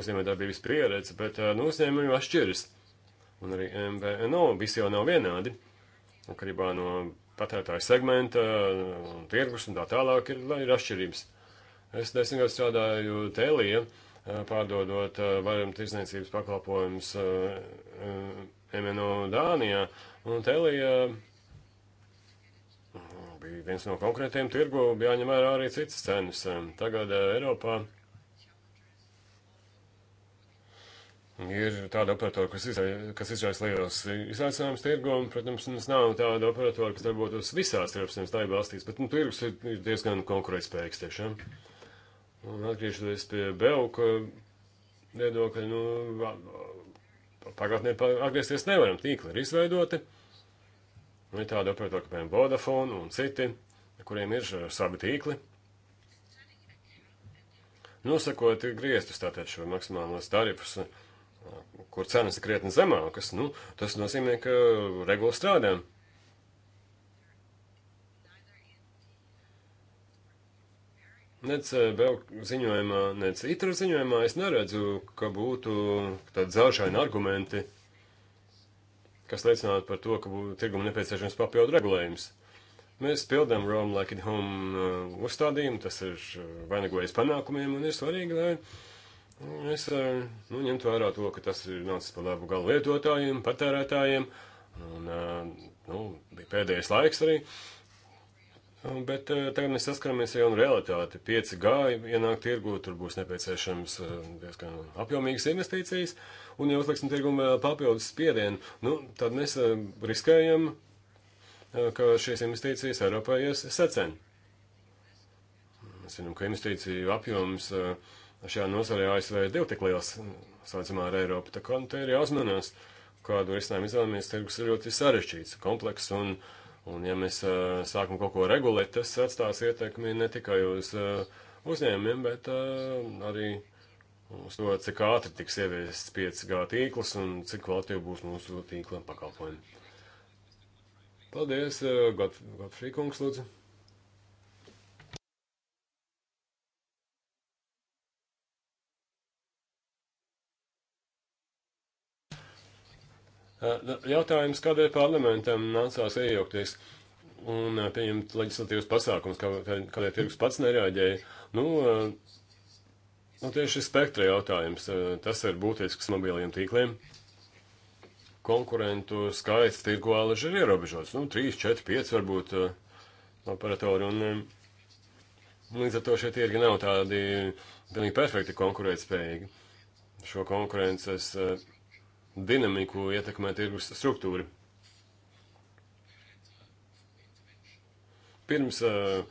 uzņēmējdarbības pieredzi, bet uh, no uzņēmumi atšķiras. Un arī MVNO visi jau nav vienādi. Atkarībā no patērētāja segmenta, eh, un tirgus un tā tālāk ir, ir atšķirības. Es desmit gadus strādāju Tēlijā, pārdodot varam tirsniecības pakalpojumus MNO Dānijā, un Tēlijā bija viens no konkrētiem tirgu, bija jāņem vērā arī citas cenas. Tagad eh, Eiropā ir tāda operatora, kas, izra, kas izraisa lielos izaicinājumus tirgom. Protams, mums nav tāda operatora, kas darbotos visās Eiropas Savienības daļu valstīs, bet nu, tirgus ir, ir diezgan konkurētspējīgs tiešām. Un atgriežoties pie Belka viedokļa, nu, pagātnē atgriezties nevaram. Tīkli ir izveidoti. Nu, ir tādi operatori, kā piemēram Vodafone un citi, kuriem ir eh, savi tīkli. Nosakot griestus, tātad šo maksimālos tarifus, eh, kur cenas ir krietni zemākas, nu, tas nozīmē, ka regula strādā. Nec vēl eh, ziņojumā, nec itra ziņojumā es neredzu, ka būtu tādi zelšaini argumenti kas liecinātu par to, ka tirgumu nepieciešams papildu regulējums. Mēs pildām Rome Like It Home uh, uzstādījumu, tas ir uh, vainagojas panākumiem un ir svarīgi, lai es uh, nu, ņemtu vērā to, ka tas ir nācis par labu galu lietotājiem, patērētājiem, un nu, bija pēdējais laiks arī. Bet tagad mēs saskaramies ar jaunu realitāti. 5G ienāk tirgū, tur būs nepieciešams diezgan apjomīgas investīcijas. Uh, un ja uzliksim tirgumu vēl eh, papildus spiedienu, nu, tad mēs eh, riskējam, eh, ka šīs investīcijas Eiropā ies secen. Mēs zinām, ka investīciju apjoms šajā nozarē ASV ir divi tik liels, saucamā ar Eiropu, tā kā nu, te ir jāuzmanās, kādu risinājumu izvēlamies, tirgus ir ļoti sarežģīts, komplekss un. Un, ja mēs uh, sākam kaut ko regulēt, tas atstās ietekmi ne tikai uz uh, uzņēmumiem, bet uh, arī uh, uz to, cik ātri tiks ieviests 5G tīkls un cik kvalitīvi būs mūsu tīkla pakalpojumi. Paldies, eh, Godfrī kungs, lūdzu. Eh, nu, jautājums, kādēļ parlamentam nācās iejaukties un eh, pieņemt leģislatīvas pasākums, kādēļ tirgus pats nereaģēja? Nu, Un nu, tieši spektra jautājums, eh, tas ir būtisks mobiliem tīkliem. Konkurentu skaits tirgu alaži ir ierobežots, nu, 3, 4, 5 varbūt eh, operatori, un eh, līdz ar to šie tirgi nav tādi pilnīgi perfekti konkurētspējīgi. Šo konkurences dinamiku ietekmē tirgus struktūra. Pirms uh,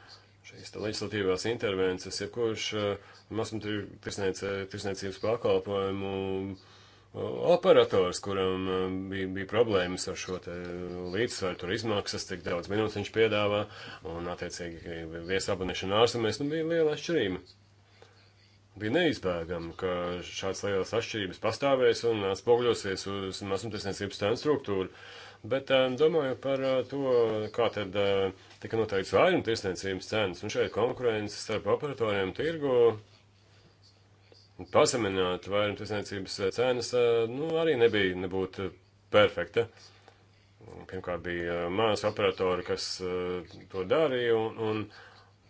šīs leģislatīvās intervences, ja kurš eh, mazumtirdzniecības pakalpojumu eh, operators, kuram eh, bija, bija problēmas ar šo līdzsvaru, tur izmaksas, cik daudz minūtes viņš piedāvā, un attiecīgi viesabonēšana ārzemēs, nu bija liela atšķirība. Bija neizbēgami, ka šāds lielas atšķirības pastāvēs un atspoguļosies uz mazumtirdzniecības cenu struktūru. Uh, Bet eh, domāju par eh, to, kā tad eh, tika noteikts vairuma tirsniecības cenas, un šeit konkurence starp operatoriem tirgu pazemināt vairuma tirsniecības cenas, nu, arī nebija, nebūtu perfekta. Pirmkārt bija mājas operatori, kas to darīja, un, un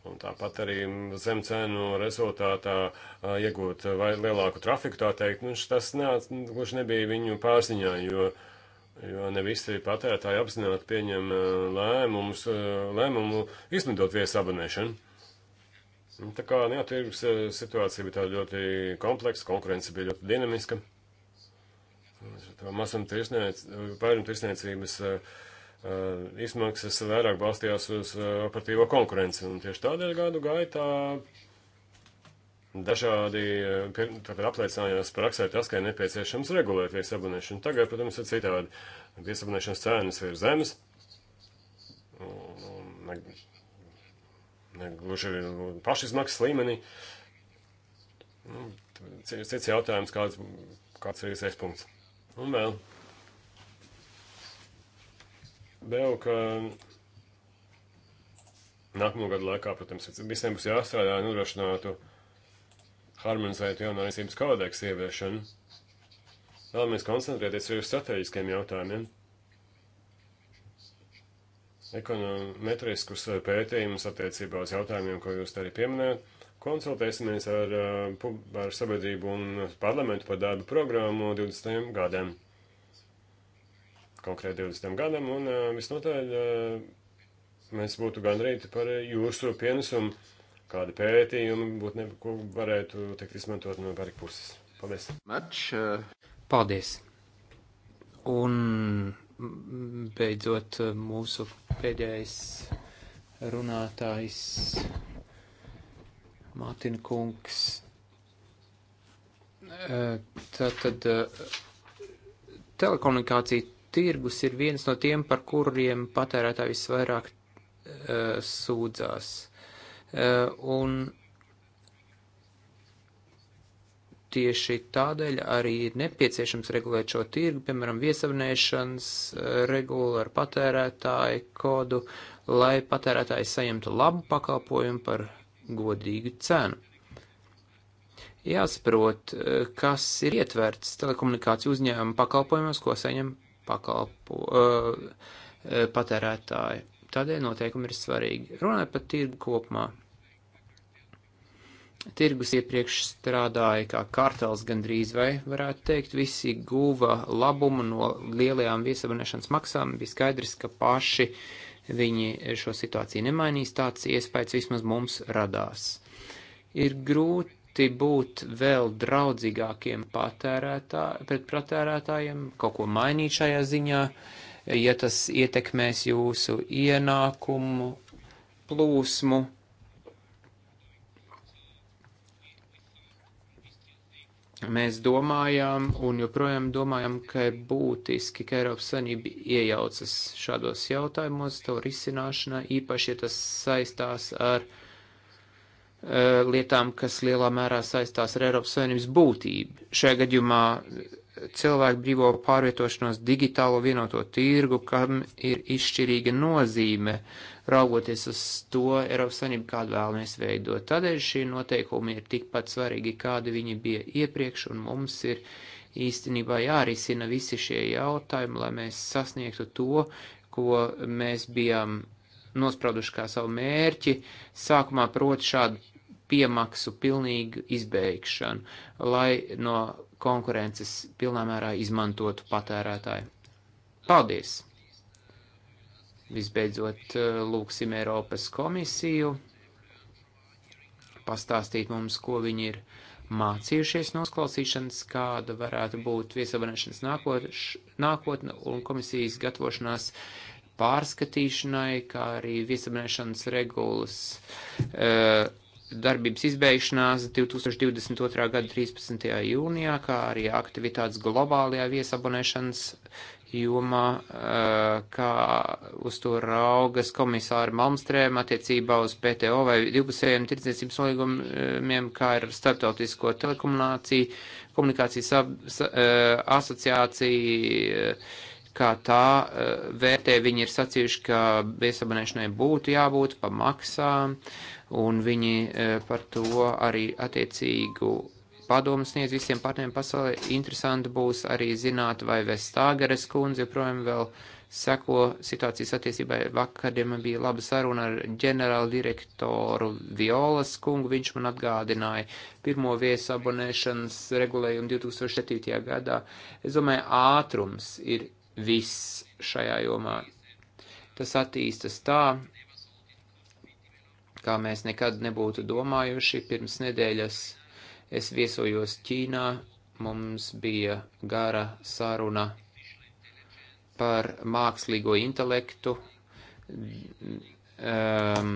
Un tāpat arī zem cenu rezultātā iegūt vai lielāku trafiku, tā teikt, nu, tas gluži nebija viņu pārziņā, jo uh, Jo ne visi patērētāji apzināti pieņem eh, lēmumus, eh, lēmumu izmantot viesu abonēšanu. Nu, tā kā jā, tirgus eh, situācija bija tāda ļoti kompleksa, konkurence bija ļoti dinamiska. Vairumtirsniecības izmaksas vairāk balstījās uz operatīvo konkurenci, un tieši tādēļ gadu gaitā Dažādi eh, apliecinājās praksē tas, ka ir nepieciešams regulēt viesabunēšanu. Tagad, protams, ir citādi. Viesabunēšanas cenas ir zemes. Gluži pašizmaksas līmenī. Nu, cits jautājums, kāds, kāds ir īsais punkts. Un vēl. Vēl, ka nākamo gadu laikā, protams, visiem būs jāstrādā, nodrošinātu. Nu, harmonizētu jaunā rīcības kodeksa ieviešanu. Vēlamies koncentrēties arī uz strateģiskiem jautājumiem. Ekonometriskus eh, pētījumus attiecībā uz jautājumiem, ko jūs arī pieminējat konsultēsimies ar, eh, ar sabiedrību un parlamentu par darbu programmu 20. gadam. Konkrēti 20. gadam, un eh, visnotaļ mēs būtu gandrīti par jūsu pienesumu kādi pētījumi būtu, ne, ko varētu teikt, izmantot no Berga puses. Paldies! Mač! Uh, Paldies! Un mm, beidzot mūsu pēdējais runātājs Mātina kungs. Tātad telekomunikācija tirgus ir viens no tiem, par kuriem patērētāji visvairāk sūdzās. Uh, Eh, un tieši tādēļ arī ir nepieciešams regulēt šo tirgu, piemēram, viesavnēšanas eh, regulu ar patērētāju kodu, lai patērētājs saņemtu labu pakalpojumu par godīgu cenu. Jāsaprot, eh, kas ir ietverts telekomunikāciju uzņēmumu pakalpojumos, ko saņem pakalpo, uh, patērētāji. Tādēļ noteikumi ir svarīgi. Runājot par tirgu kopumā. Tirgus iepriekš strādāja kā kartels gandrīz vai varētu teikt, visi guva labumu no lielajām viesabunēšanas maksām, bija skaidrs, ka paši viņi šo situāciju nemainīs, tāds iespējas vismaz mums radās. Ir grūti būt vēl draudzīgākiem patērētā, pret patērētājiem, kaut ko mainīt šajā ziņā. Uh, ja tas ietekmēs jūsu ienākumu plūsmu. Mēs domājām un joprojām domājam, ka ir būtiski, ka Eiropas Savienība iejaucas šādos jautājumos, to risināšanā, īpaši, ja tas saistās ar uh, lietām, kas lielā mērā saistās ar Eiropas Savienības būtību. Šajā gadījumā cilvēku brīvo pārvietošanos digitālo vienoto tirgu, kam ir izšķirīga nozīme, raugoties uz to Eiropas Savienību, kādu vēlamies veidot. Tādēļ šie noteikumi ir tikpat svarīgi, kādi viņi bija iepriekš, un mums ir īstenībā jārisina visi šie jautājumi, lai mēs sasniegtu to, ko mēs bijām nosprauduši kā savu mērķi, sākumā proti šādu piemaksu pilnīgu izbeigšanu, lai no konkurences pilnā mērā izmantotu patērētāju. Paldies! Visbeidzot, eh, lūksim Eiropas komisiju pastāstīt mums, ko viņi ir mācījušies no klausīšanas, kāda varētu būt viesabonēšanas nākotne un komisijas gatavošanās pārskatīšanai, kā arī viesabonēšanas regulas. Uh, darbības izbeigšanās 2022. gada 13. jūnijā, kā arī aktivitātes globālajā viesabonēšanas jomā, eh, kā uz to raugas komisāra Malmstrēma attiecībā uz PTO vai divpusējiem tirdzniecības nolīgumiem, kā ir starptautisko telekomunikāciju, komunikācijas eh, asociāciju kā tā eh, vērtē. Viņi ir sacījuši, ka viesabonēšanai būtu jābūt pa maksām, un viņi eh, par to arī attiecīgu padomu sniedz visiem partneriem pasaulē. Interesanti būs arī zināt, vai Vestāgeres kundze joprojām vēl seko situācijas attiecībai. Vakardien man bija laba saruna ar ģenerālu direktoru Violas kungu. Viņš man atgādināja pirmo viesu abonēšanas regulējumu 2007. gadā. Es domāju, ātrums ir viss šajā jomā. Tas attīstas tā, kā mēs nekad nebūtu domājuši. Pirms nedēļas es viesojos Ķīnā, mums bija gara saruna par mākslīgo intelektu. Um,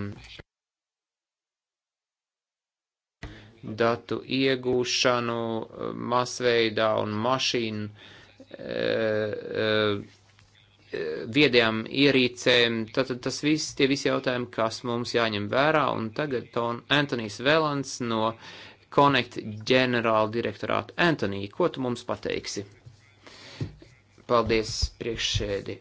datu iegūšanu masveidā un mašīnu uh, Eh, eh, viedajām ierīcēm, tad tas viss, tie visi jautājumi, kas mums jāņem vērā, un tagad ton Antonijs Velans no Connect ģenerāla direktorāta. Antonija, ko tu mums pateiksi? Paldies, priekšsēdi.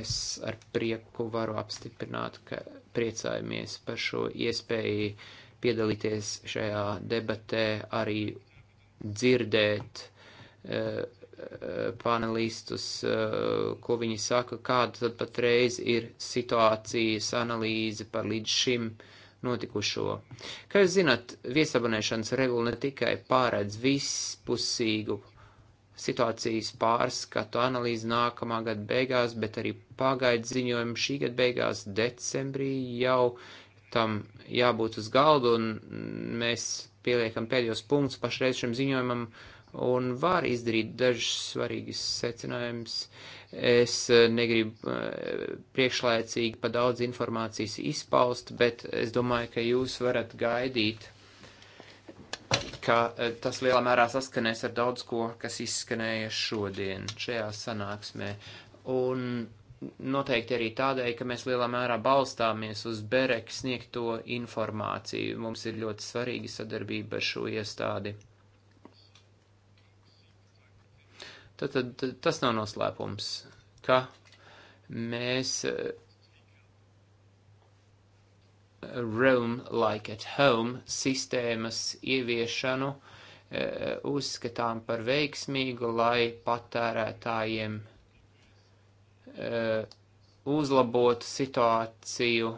Es ar prieku varu apstiprināt, ka priecājamies par šo iespēju piedalīties šajā debatē, arī dzirdēt uh, E, e, panelistus, e, ko viņi saka, kāda tad patreiz ir situācijas analīze par līdz šim notikušo. Kā jūs zināt, viesabonēšanas regula ne tikai pārēdz vispusīgu situācijas pārskatu analīzi nākamā gada beigās, bet arī pagaidu ziņojumu šī gada beigās, decembrī jau tam jābūt uz galda, un mēs pieliekam pēdējos punktus pašreiz šim ziņojumam, uh, un var izdarīt dažus svarīgus secinājumus. Es eh, negribu eh, priekšlaicīgi pa daudz informācijas izpaust, bet es domāju, ka jūs varat gaidīt, ka eh, tas lielā mērā saskanēs ar daudz ko, kas izskanēja šodien šajā sanāksmē. Un noteikti arī tādēļ, ka mēs lielā mērā balstāmies uz Berek sniegto informāciju. Mums ir ļoti svarīga sadarbība ar šo iestādi. Tad, tad tas nav noslēpums, ka mēs eh, Realm Like at Home sistēmas ieviešanu eh, uzskatām par veiksmīgu, lai patērētājiem eh, uzlabotu situāciju.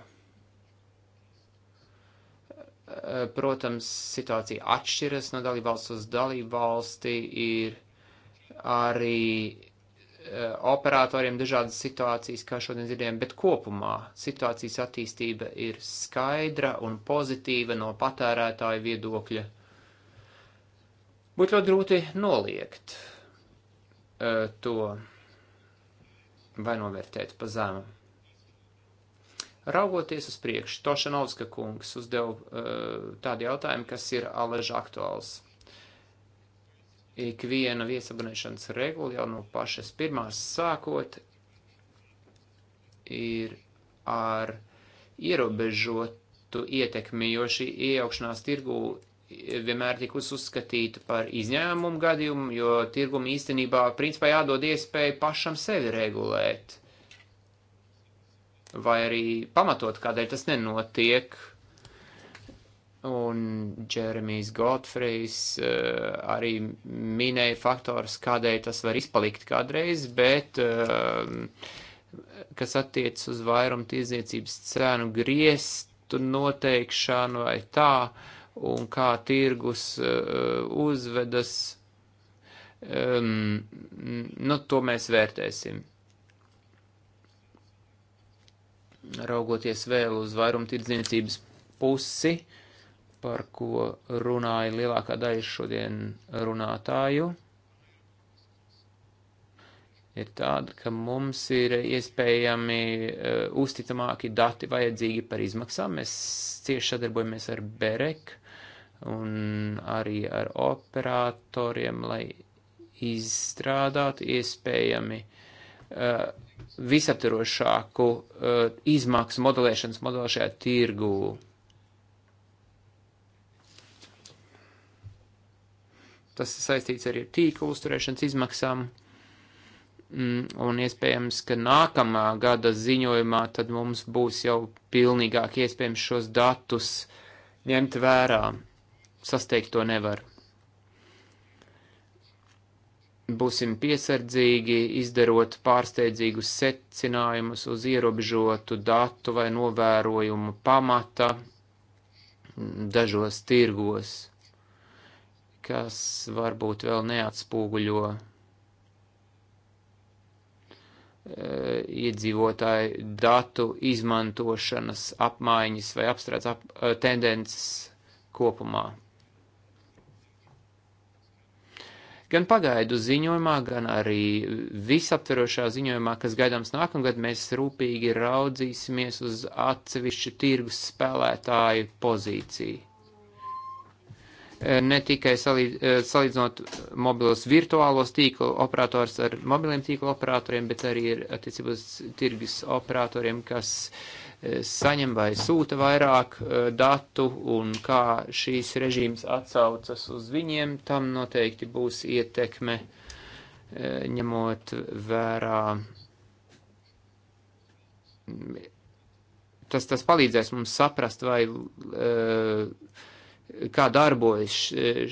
Protams, situācija atšķiras no dalībvalsts uz dalībvalsti, ir arī eh, operatoriem dažādas situācijas, kā šodien dzirdējām, bet kopumā situācijas attīstība ir skaidra un pozitīva no patērētāja viedokļa. Būtu ļoti grūti noliegt eh, to vai novērtēt pa zemu. Raugoties uz priekšu, Tošanovska kungs uzdev eh, tādu jautājumu, kas ir alaži aktuāls ikviena viesabunēšanas regula jau no pašas pirmās sākot ir ar ierobežotu ietekmi, jo šī iejaukšanās tirgū vienmēr tika uzskatīta par izņēmumu gadījumu, jo tirgumu īstenībā principā jādod iespēju pašam sevi regulēt. Vai arī pamatot, kādēļ tas nenotiek, uh, un Džeremijs Godfrijs uh, eh, arī minēja faktors, kādēļ tas var izpalikt kādreiz, bet uh, kas attiec uz vairumu tirdzniecības cēnu griestu noteikšanu vai tā, un kā tirgus uh, uzvedas, um, nu, to mēs vērtēsim. Raugoties vēl uz vairumu tirdzniecības pusi, uh, par ko runāja lielākā daļa šodien runātāju, ir tāda, ka mums ir iespējami uh, uzticamāki dati vajadzīgi par izmaksām. Mēs cieši sadarbojamies ar BEREK un arī ar operatoriem, lai izstrādātu iespējami uh, visaptvarošāku uh, izmaksu modelēšanas modeli šajā tirgū. Tas saistīts arī ar tīklu uzturēšanas izmaksām. Mm, un iespējams, ka nākamā gada ziņojumā tad mums būs jau pilnīgāk iespējams šos datus ņemt vērā. Sasteigt to nevar. Būsim piesardzīgi, izdarot pārsteidzīgus secinājumus uz ierobežotu datu vai novērojumu pamata dažos tirgos kas varbūt vēl neatspūguļo e, iedzīvotāju datu izmantošanas apmaiņas vai apstrādes ap, e, tendences kopumā. Gan pagaidu ziņojumā, gan arī visaptverošā ziņojumā, kas gaidāms nākamgad, mēs rūpīgi raudzīsimies uz atsevišķu tirgus spēlētāju pozīciju. Eh, ne tikai salīdz, eh, salīdzinot mobilos virtuālos tīklu operators ar mobiliem tīklu operatoriem, bet arī ir attiecības tirgus operatoriem, kas eh, saņem vai sūta vairāk datu un kā šīs režīms atsaucas uz viņiem, tam noteikti būs ietekme ņemot vērā tas, tas palīdzēs mums saprast, vai uh, kā darbojas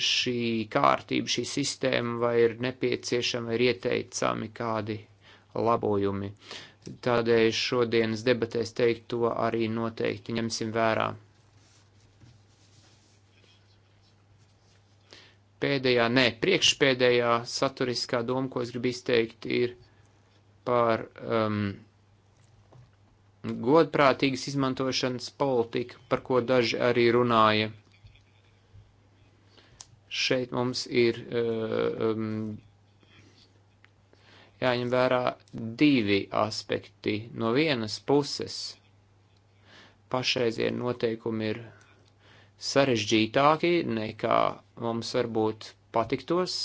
šī kārtība, šī sistēma, vai ir nepieciešama, vai ir ieteicami kādi labojumi. Tādēļ šodienas debatēs teikt to arī noteikti ņemsim vērā. Pēdējā, nē, priekšpēdējā saturiskā doma, ko es gribu izteikt, ir par um, godprātīgas izmantošanas politiku, par ko daži arī runāja Šeit mums ir eh, um, jāņem vērā divi aspekti. No vienas puses pašreizie noteikumi ir sarežģītāki nekā mums varbūt patiktos,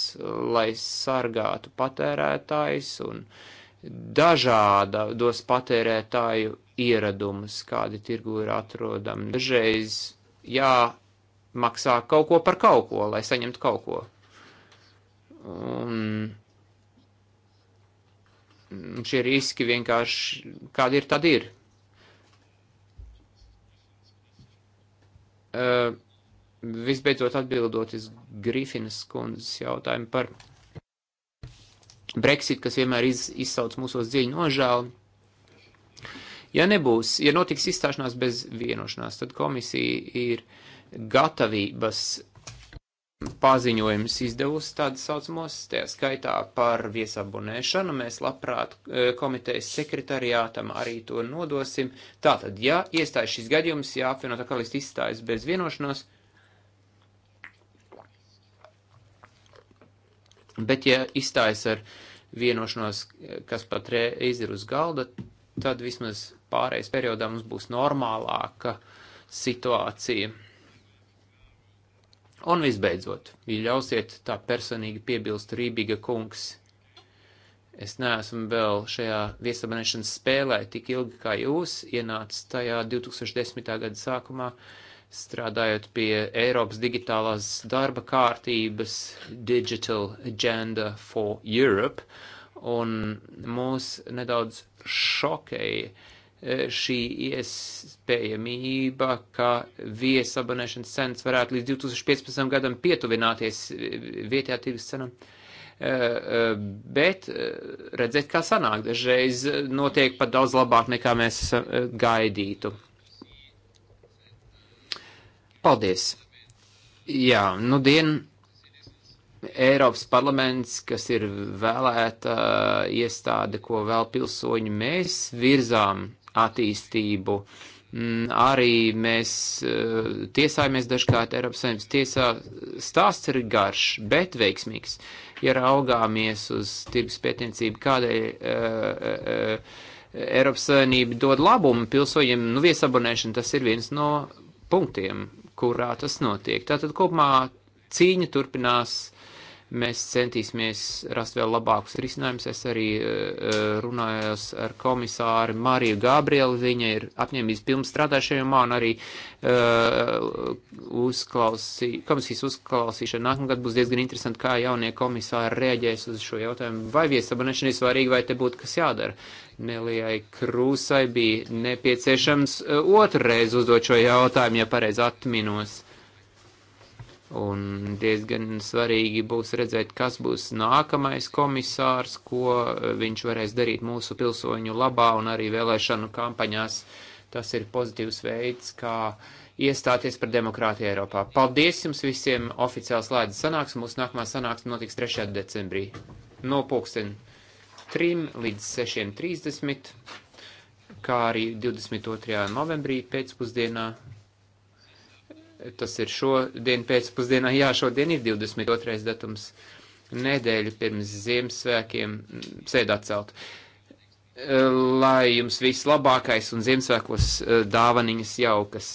lai sargātu patērētājs un dažādos patērētāju ieradumus, kādi tirgu ir atrodami. Dažreiz jā, maksā kaut ko par kaut ko, lai saņemtu kaut ko. Un, un šie riski vienkārši kādi ir, tad ir. Uh, visbeidzot atbildot uz Grifinas kundzes jautājumu par Brexit, kas vienmēr iz, izsauc mūsos dziļu nožēlu. Ja nebūs, ja notiks izstāšanās bez vienošanās, tad komisija ir gatavības paziņojums izdevusi tādas saucamos, tajā skaitā par viesabunēšanu. Mēs labprāt e, komitejas sekretariātam arī to nodosim. Tātad, ja iestājas šis gadījums, ja apvienotā karalista izstājas bez vienošanās, bet ja izstājas ar vienošanos, kas patreiz ir uz galda, tad vismaz pārējais periodā mums būs normālāka situācija. Un visbeidzot, ja ļausiet tā personīgi piebilst Rībiga kungs, es neesmu vēl šajā viesabanēšanas spēlē tik ilgi kā jūs, ienācis tajā 2010. gada sākumā, strādājot pie Eiropas digitālās darba kārtības Digital Agenda for Europe, un mūs nedaudz šokēja E, šī iespējamība, ka viesabonēšanas cenas varētu līdz 2015. gadam pietuvināties e, vietējā tirgus cenam. E, bet redzēt, kā sanāk, dažreiz notiek pat daudz labāk, nekā mēs gaidītu. Paldies! Jā, nu dien Eiropas parlaments, kas ir vēlēta iestāde, ko vēl pilsoņi mēs virzām attīstību. Mm, arī mēs eh, tiesājamies dažkārt Eiropas Savienības tiesā. Stāsts ir garš, bet veiksmīgs. Ja raugāmies uz tirgus pētniecību, kādēļ uh, uh, Eiropas Savienība dod labumu pilsoņiem, nu viesabonēšana tas ir viens no punktiem, kurā tas notiek. Tātad kopumā cīņa turpinās Mēs centīsimies rast vēl labākus risinājumus. Es arī e, e, runājos ar komisāri Mariju Gabrieli. Viņa ir apņēmības pilna strādāt šajā jomā un arī uh, uzklausī, komisijas uzklausīšana nākamgad būs diezgan interesanti, kā jaunie komisāri reaģēs uz šo jautājumu. Vai viesabonēšana ir svarīga, vai te būtu kas jādara? Nelijai Krūsai bija nepieciešams otrreiz uzdot šo jautājumu, ja pareizi atminos. Un diezgan svarīgi būs redzēt, kas būs nākamais komisārs, ko eh, viņš varēs darīt mūsu pilsoņu labā un arī vēlēšanu kampaņās. Tas ir pozitīvs veids, kā iestāties par demokrātiju Eiropā. Paldies jums visiem! Oficiāls laidas sanāks, mūsu nākamā sanāksme notiks 3. decembrī. No pulksten 3 līdz 6.30, kā arī 22. novembrī pēcpusdienā Tas ir šodien pēcpusdienā, jā, šodien ir 22. datums, nedēļu pirms Ziemassvētkiem mm, sēd atcelt. Lai jums viss labākais un Ziemassvētkos eh, dāvaniņas jaukas!